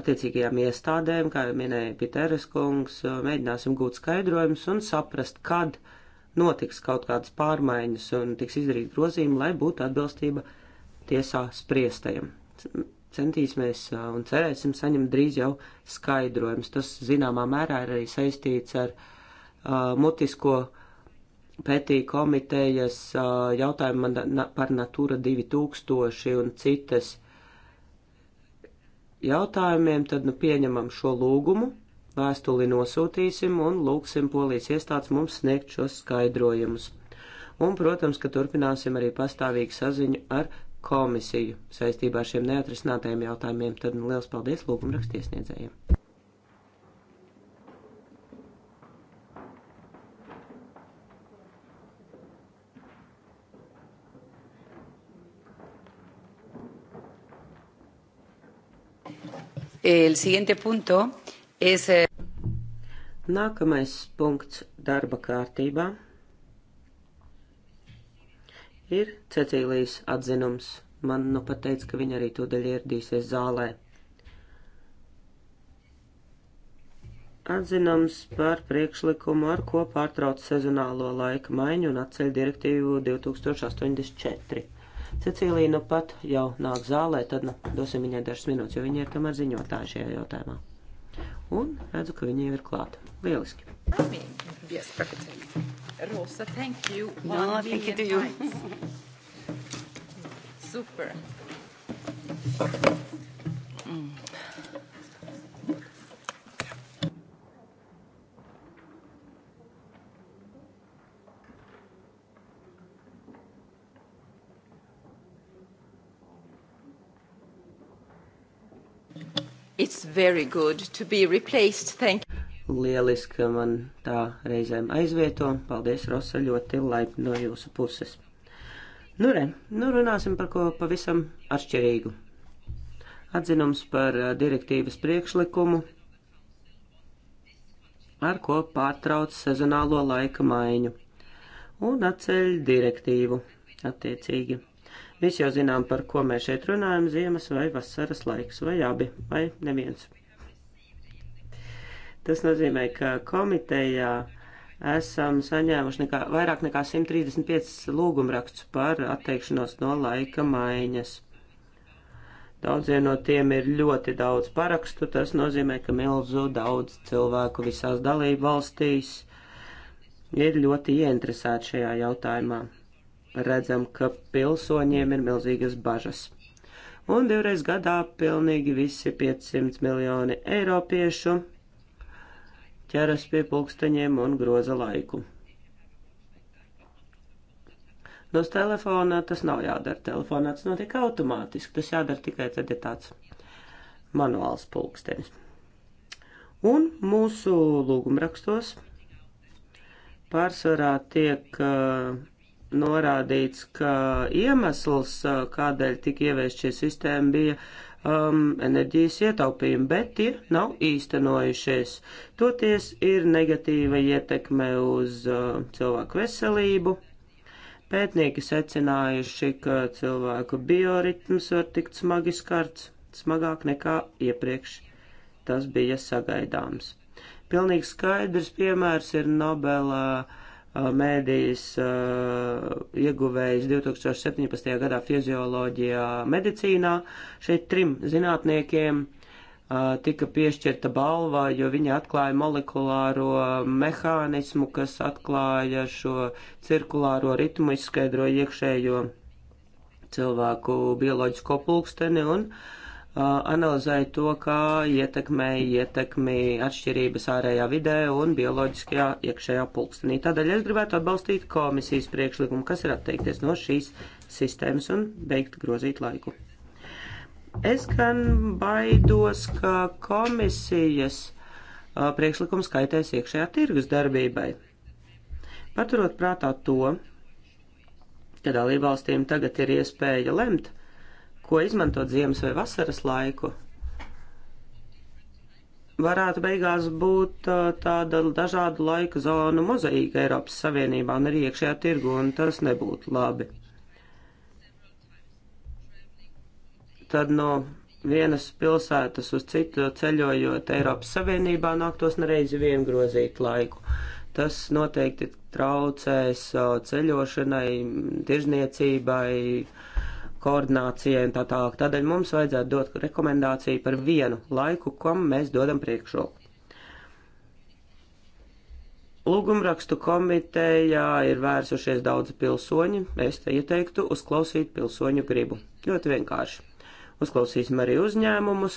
attiecīgajām iestādēm, kā jau minēja Piteras kungs, mēģināsim gūt skaidrojumus un saprast, kad notiks kaut kādas pārmaiņas un tiks izdarīt grozījumi, lai būtu atbilstība tiesā spriestajam. Centīsimies un cerēsim saņemt drīz jau skaidrojumus. Tas zināmā mērā ir arī saistīts ar uh, mutisko pētī komitejas jautājumu par Natura 2000 un citas jautājumiem, tad nu pieņemam šo lūgumu, vēstuli nosūtīsim un lūgsim polijas iestādes mums sniegt šos skaidrojumus. Un, protams, ka turpināsim arī pastāvīgu saziņu ar komisiju saistībā ar šiem neatrisinātajiem jautājumiem. Tad nu, liels paldies lūgumrakstiesniedzējiem! El siguiente punto es. Eh, Nākamais punkts darba kārtībā ir Cecīlijas atzinums. Man nu pateica, ka viņa arī tūdaļ ieradīsies zālē. Atzinums par priekšlikumu, ar ko pārtrauc sezonālo laika maiņu un atceļ direktīvu 2084. Cecīlija nu pat jau nāk zālē, tad nu, dosim viņai dažas minūtes, jo viņa ir tomēr ziņotāja šajā jautājumā. Un redzu, ka viņa jau ir klāta. Lieliski. Yes, Rosa, thank you. One no, thank you to you. Super. Mm. very good to be replaced. Thank you. Lieliski, ka man tā reizēm aizvieto. Paldies, Rosa, ļoti laipni no jūsu puses. Nu, re, nu runāsim par ko pavisam atšķirīgu. Atzinums par direktīvas priekšlikumu, ar ko pārtrauc sezonālo laika maiņu un atceļ direktīvu attiecīgi. Visi jau zinām, par ko mēs šeit runājam - ziemas vai vasaras laiks, vai abi, vai neviens. Tas nozīmē, ka komitejā esam saņēmuši nekā, vairāk nekā 135 lūgumrakstus par atteikšanos no laika maiņas. Daudziem no tiem ir ļoti daudz parakstu, tas nozīmē, ka milzu daudz cilvēku visās dalību valstīs ir ļoti ieinteresēti šajā jautājumā redzam, ka pilsoņiem ir milzīgas bažas. Un divreiz gadā pilnīgi visi 500 miljoni eiropiešu ķeras pie pulksteņiem un groza laiku. No telefona tas nav jādara. Telefonā tas notiek automātiski. Tas jādara tikai tad, ja tāds manuāls pulkstenis. Un mūsu lūgumrakstos pārsvarā tiek uh, norādīts, ka iemesls, kādēļ tika ieviest šī sistēma, bija um, enerģijas ietaupījumi, bet tie nav īstenojušies. Toties ir negatīva ietekme uz uh, cilvēku veselību. Pētnieki secinājuši, ka cilvēku bioritms var tikt smagi skarts, smagāk nekā iepriekš tas bija sagaidāms. Pilnīgi skaidrs piemērs ir Nobela uh, Uh, mēdījis uh, ieguvējis 2017. gadā fizioloģijā medicīnā. Šeit trim zinātniekiem uh, tika piešķirta balva, jo viņi atklāja molekulāro mehānismu, kas atklāja šo cirkulāro ritmu, izskaidroja iekšējo cilvēku bioloģisko pulksteni un uh, Uh, analizēja to, kā ietekmē ietekmi atšķirības ārējā vidē un bioloģiskajā iekšējā pulkstenī. Tādēļ es gribētu atbalstīt komisijas priekšlikumu, kas ir atteikties no šīs sistēmas un beigt grozīt laiku. Es gan baidos, ka komisijas uh, priekšlikums kaitēs iekšējā tirgus darbībai. Paturot prātā to, ka dalībvalstīm tagad ir iespēja lemt, ko izmantot ziemas vai vasaras laiku, varētu beigās būt uh, tāda dažādu laika zonu mozaīka Eiropas Savienībā un arī iekšējā tirgu, un tas nebūtu labi. Tad no vienas pilsētas uz citu ceļojot Eiropas Savienībā nāktos nereizi vien grozīt laiku. Tas noteikti traucēs uh, ceļošanai, tirzniecībai, uh, koordinācijai un tā tālāk. Tādēļ mums vajadzētu dot rekomendāciju par vienu laiku, kam mēs dodam priekšroku. Lūgumrakstu komitejā ir vērsušies daudzi pilsoņi. Es te ieteiktu uzklausīt pilsoņu gribu. Ļoti vienkārši. Uzklausīsim arī uzņēmumus,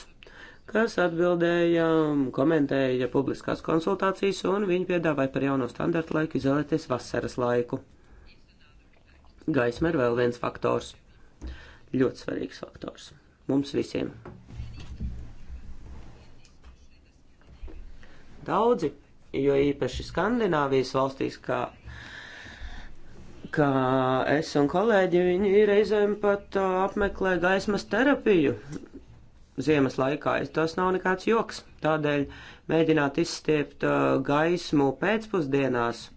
kas atbildēja, komentēja publiskās konsultācijas, un viņi piedāvāja par jauno standartu laiku izvēlēties vasaras laiku. Gaisma ir vēl viens faktors ļoti svarīgs faktors mums visiem. Daudzi, jo īpaši Skandināvijas valstīs, kā, kā es un kolēģi, viņi reizēm pat uh, apmeklē gaismas terapiju ziemas laikā. Tas nav nekāds joks. Tādēļ mēģināt izstiept uh, gaismu pēcpusdienās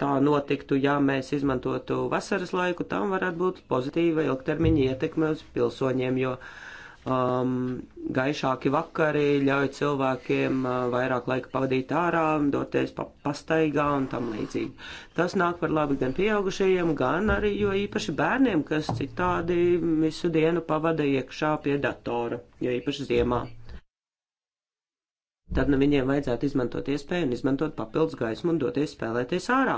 tā notiktu, ja mēs izmantotu vasaras laiku, tam varētu būt pozitīva ilgtermiņa ietekme uz pilsoņiem, jo um, gaišāki vakari ļauj cilvēkiem uh, vairāk laika pavadīt ārā, doties pa pastaigā un tam līdzīgi. Tas nāk par labu gan pieaugušajiem, gan arī jo īpaši bērniem, kas citādi visu dienu pavada iekšā pie datora, jo īpaši ziemā tad nu, viņiem vajadzētu izmantot iespēju un izmantot papildus gaismu un doties spēlēties ārā.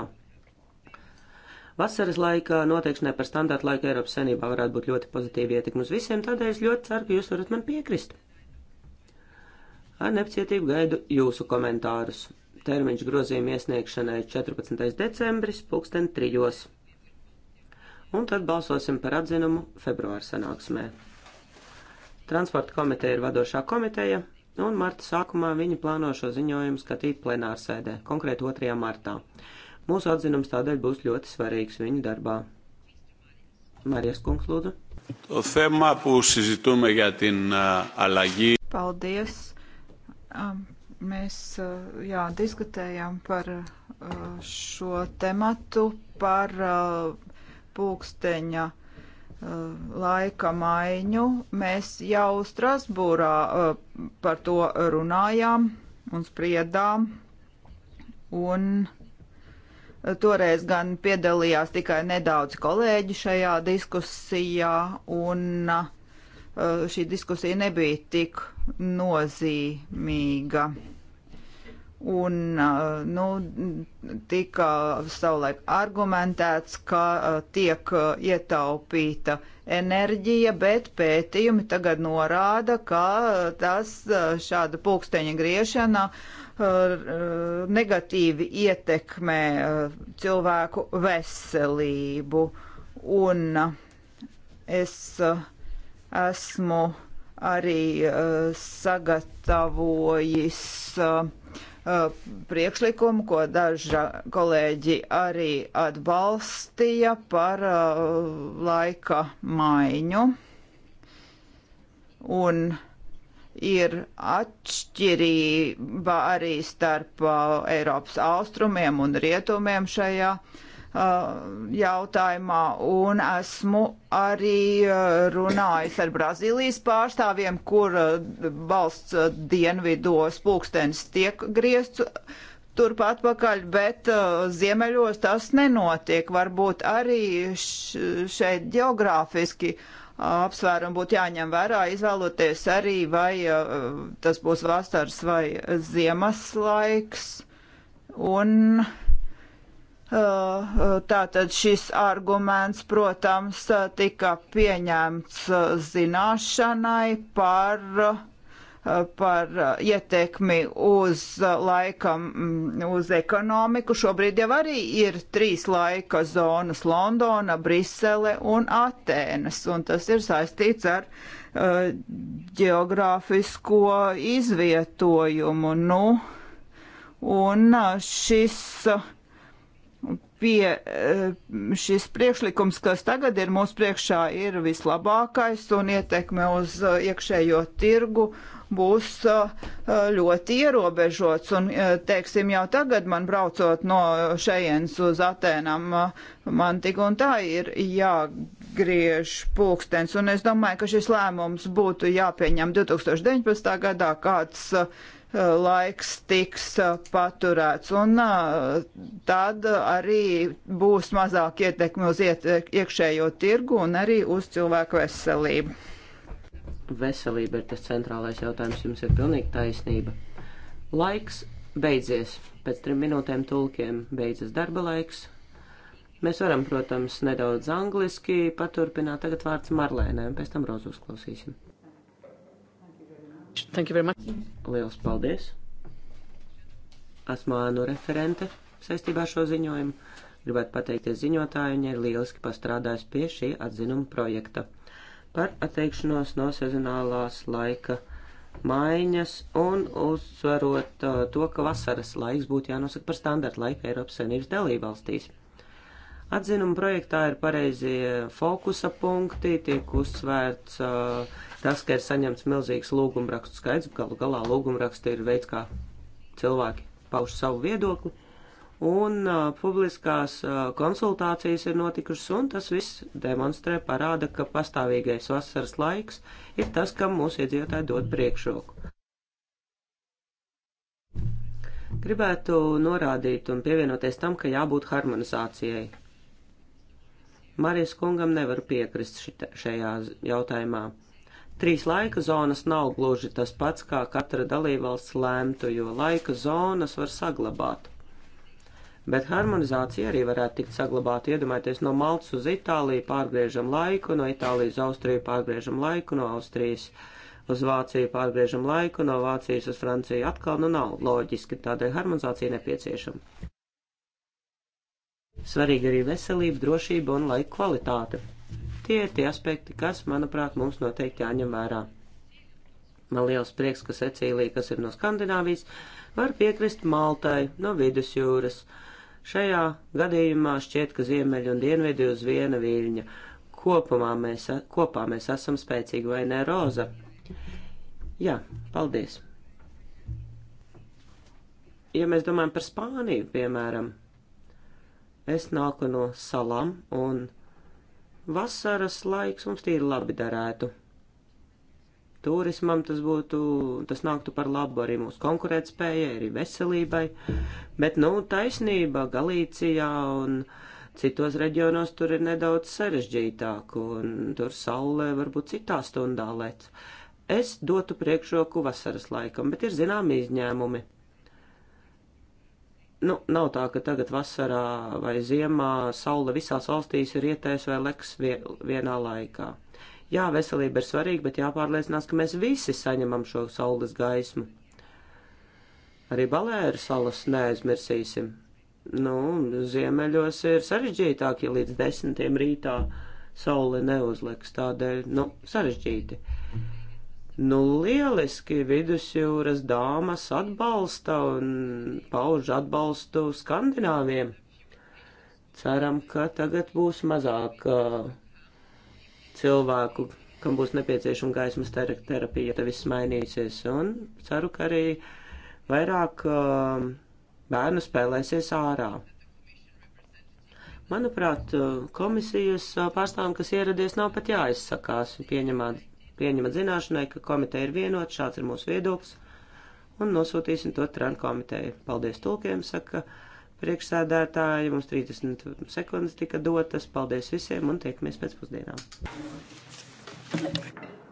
Vasaras laika noteikšanai par standārtu laiku Eiropas senībā varētu būt ļoti pozitīva ietekme uz visiem, tādēļ es ļoti ceru, ka jūs varat man piekrist. Ar nepacietību gaidu jūsu komentārus. Termiņš grozījuma iesniegšanai 14. decembris, pulksten trijos. Un tad balsosim par atzinumu februāra sanāksmē. Transporta komiteja ir vadošā komiteja, un marta sākumā viņi plāno šo ziņojumu skatīt plenārsēdē, konkrēt 2. martā. Mūsu atzinums tādēļ būs ļoti svarīgs viņu darbā. Marijas kungs, lūdzu. Το θέμα που συζητούμε για την αλλαγή. Paldies. Mēs jā, diskutējām par šo tematu, par pulksteņa Uh, laika maiņu. Mēs jau Strasbūrā uh, par to runājām un spriedām. Un uh, toreiz gan piedalījās tikai nedaudz kolēģi šajā diskusijā, un šī diskusija nebija tik nozīmīga. Un, uh, nu, tika savulaik argumentēts, ka uh, tiek uh, ietaupīta enerģija, bet pētījumi tagad norāda, ka tas šāda pulksteņa griešana negatīvi ietekmē cilvēku veselību. Un es esmu arī sagatavojis priekšlikumu, ko daži kolēģi arī atbalstīja par uh, laika maiņu. Un ir atšķirība arī starp uh, Eiropas austrumiem un rietumiem šajā uh, Uh, jautājumā, un esmu arī uh, runājis ar Brazīlijas pārstāvjiem, kur uh, valsts dienvidos pulkstenis tiek griezts turp atpakaļ, bet ziemeļos tas nenotiek. Varbūt arī šeit geogrāfiski apsvērumu būtu jāņem vērā, izvēloties arī, vai tas būs vasaras vai ziemas laiks. Un uh, Tātad šis arguments, protams, tika pieņemts uh, zināšanai par, uh, par uh, ietekmi uz laikam, mm, uz ekonomiku. Šobrīd jau arī ir trīs laika zonas - Londona, Brisele un Atēnas, un tas ir saistīts ar uh, geogrāfisko izvietojumu. Nu, un šis uh, pie eh, šis priekšlikums, kas tagad ir mūsu priekšā, ir vislabākais un ietekme uz eh, iekšējo tirgu būs eh, ļoti ierobežots. Un, teiksim, jau tagad man braucot no šejienes uz Atēnām, man tik un tā ir jāgriež pulkstens. Un es domāju, ka šis lēmums būtu jāpieņem 2019. gadā kāds Eh, laiks tiks eh, paturēts. Un eh, tad arī būs mazāk ietekmi uz iekšējo tirgu un arī uz cilvēku veselību. Veselība ir tas centrālais jautājums, jums ir pilnīgi taisnība. Laiks beidzies. Pēc trim minūtēm tulkiem beidzas darba laiks. Mēs varam, protams, nedaudz angliski paturpināt. Tagad vārds Marlēnē, un pēc tam Rozu uzklausīsim. Thank you very much. Lielas paldies. Esmu ānu referente saistībā ar šo ziņojumu. Gribētu pateikties ziņotāju, viņa ir lieliski pastrādājusi pie šī atzinuma projekta par atteikšanos no sezonālās laika maiņas un uzsverot uh, to, ka vasaras laiks būtu jānosaka par standarta laiku Eiropas Savienības dalībvalstīs. Atzinuma projektā ir pareizie fokusa punkti, tiek uzsvērts uh, Tas, ka ir saņemts milzīgs lūgumrakstu skaits, galu galā lūgumraksti ir veids, kā cilvēki pauž savu viedokli, un uh, publiskās uh, konsultācijas ir notikušas, un tas viss demonstrē, parāda, ka pastāvīgais vasaras laiks ir tas, kam mūsu iedzīvotāji dod priekšroku. Gribētu norādīt un pievienoties tam, ka jābūt harmonizācijai. Marijas kungam nevar piekrist šitā, šajā jautājumā. Trīs laika zonas nav gluži tas pats, kā katra dalībvalsts lēmtu, jo laika zonas var saglabāt. Bet harmonizācija arī varētu tikt saglabāta, iedomājieties, no Maltas uz Itāliju pārgriežam laiku, no Itālijas uz Austriju pārgriežam laiku, no Austrijas uz Vāciju pārgriežam laiku, no Vācijas uz Franciju atkal, nu nav loģiski, tādēļ harmonizācija nepieciešama. Svarīga arī veselība, drošība un laika kvalitāte. Tie ir tie aspekti, kas, manuprāt, mums noteikti jāņem vērā. Man liels prieks, ka Cecīlija, kas ir no Skandināvijas, var piekrist Maltai no vidusjūras. Šajā gadījumā šķiet, ka ziemeļi un dienvidi uz viena viļņa. Kopumā mēs, kopā mēs esam spēcīgi, vai ne, Roza? Jā, paldies. Ja mēs domājam par Spāniju, piemēram, es nāku no salām un Vasaras laiks mums tīri labi darētu. Turismam tas būtu, tas nāktu par labu arī mūsu konkurētspējai, arī veselībai, bet, nu, taisnība Galīcijā un citos reģionos tur ir nedaudz sarežģītāk, un tur saulē varbūt citā stundā lec. Es dotu priekšroku vasaras laikam, bet ir zināmi izņēmumi nu, nav tā, ka tagad vasarā vai ziemā saule visās valstīs ir ietēs vai leks vienā laikā. Jā, veselība ir svarīga, bet jāpārliecinās, ka mēs visi saņemam šo saules gaismu. Arī balēru salas neaizmirsīsim. Nu, ziemeļos ir sarežģītāk, ja līdz desmitiem rītā saule neuzliks, tādēļ, nu, sarežģīti. Nu, lieliski vidusjūras dāmas atbalsta un pauž atbalstu skandināviem. Ceram, ka tagad būs mazāk uh, cilvēku, kam būs nepieciešama gaismas ter terapija, tad viss mainīsies. Un ceru, ka arī vairāk uh, bērnu spēlēsies ārā. Manuprāt, uh, komisijas uh, pārstāvjiem, kas ieradies, nav pat jāizsakās. Pieņemāt pieņemat zināšanai, ka komiteja ir vienota, šāds ir mūsu viedoklis, un nosūtīsim to trenu komiteju. Paldies tulkiem, saka priekšsēdētāji, mums 30 sekundes tika dotas, paldies visiem un tiekamies pēcpusdienā. Thank you.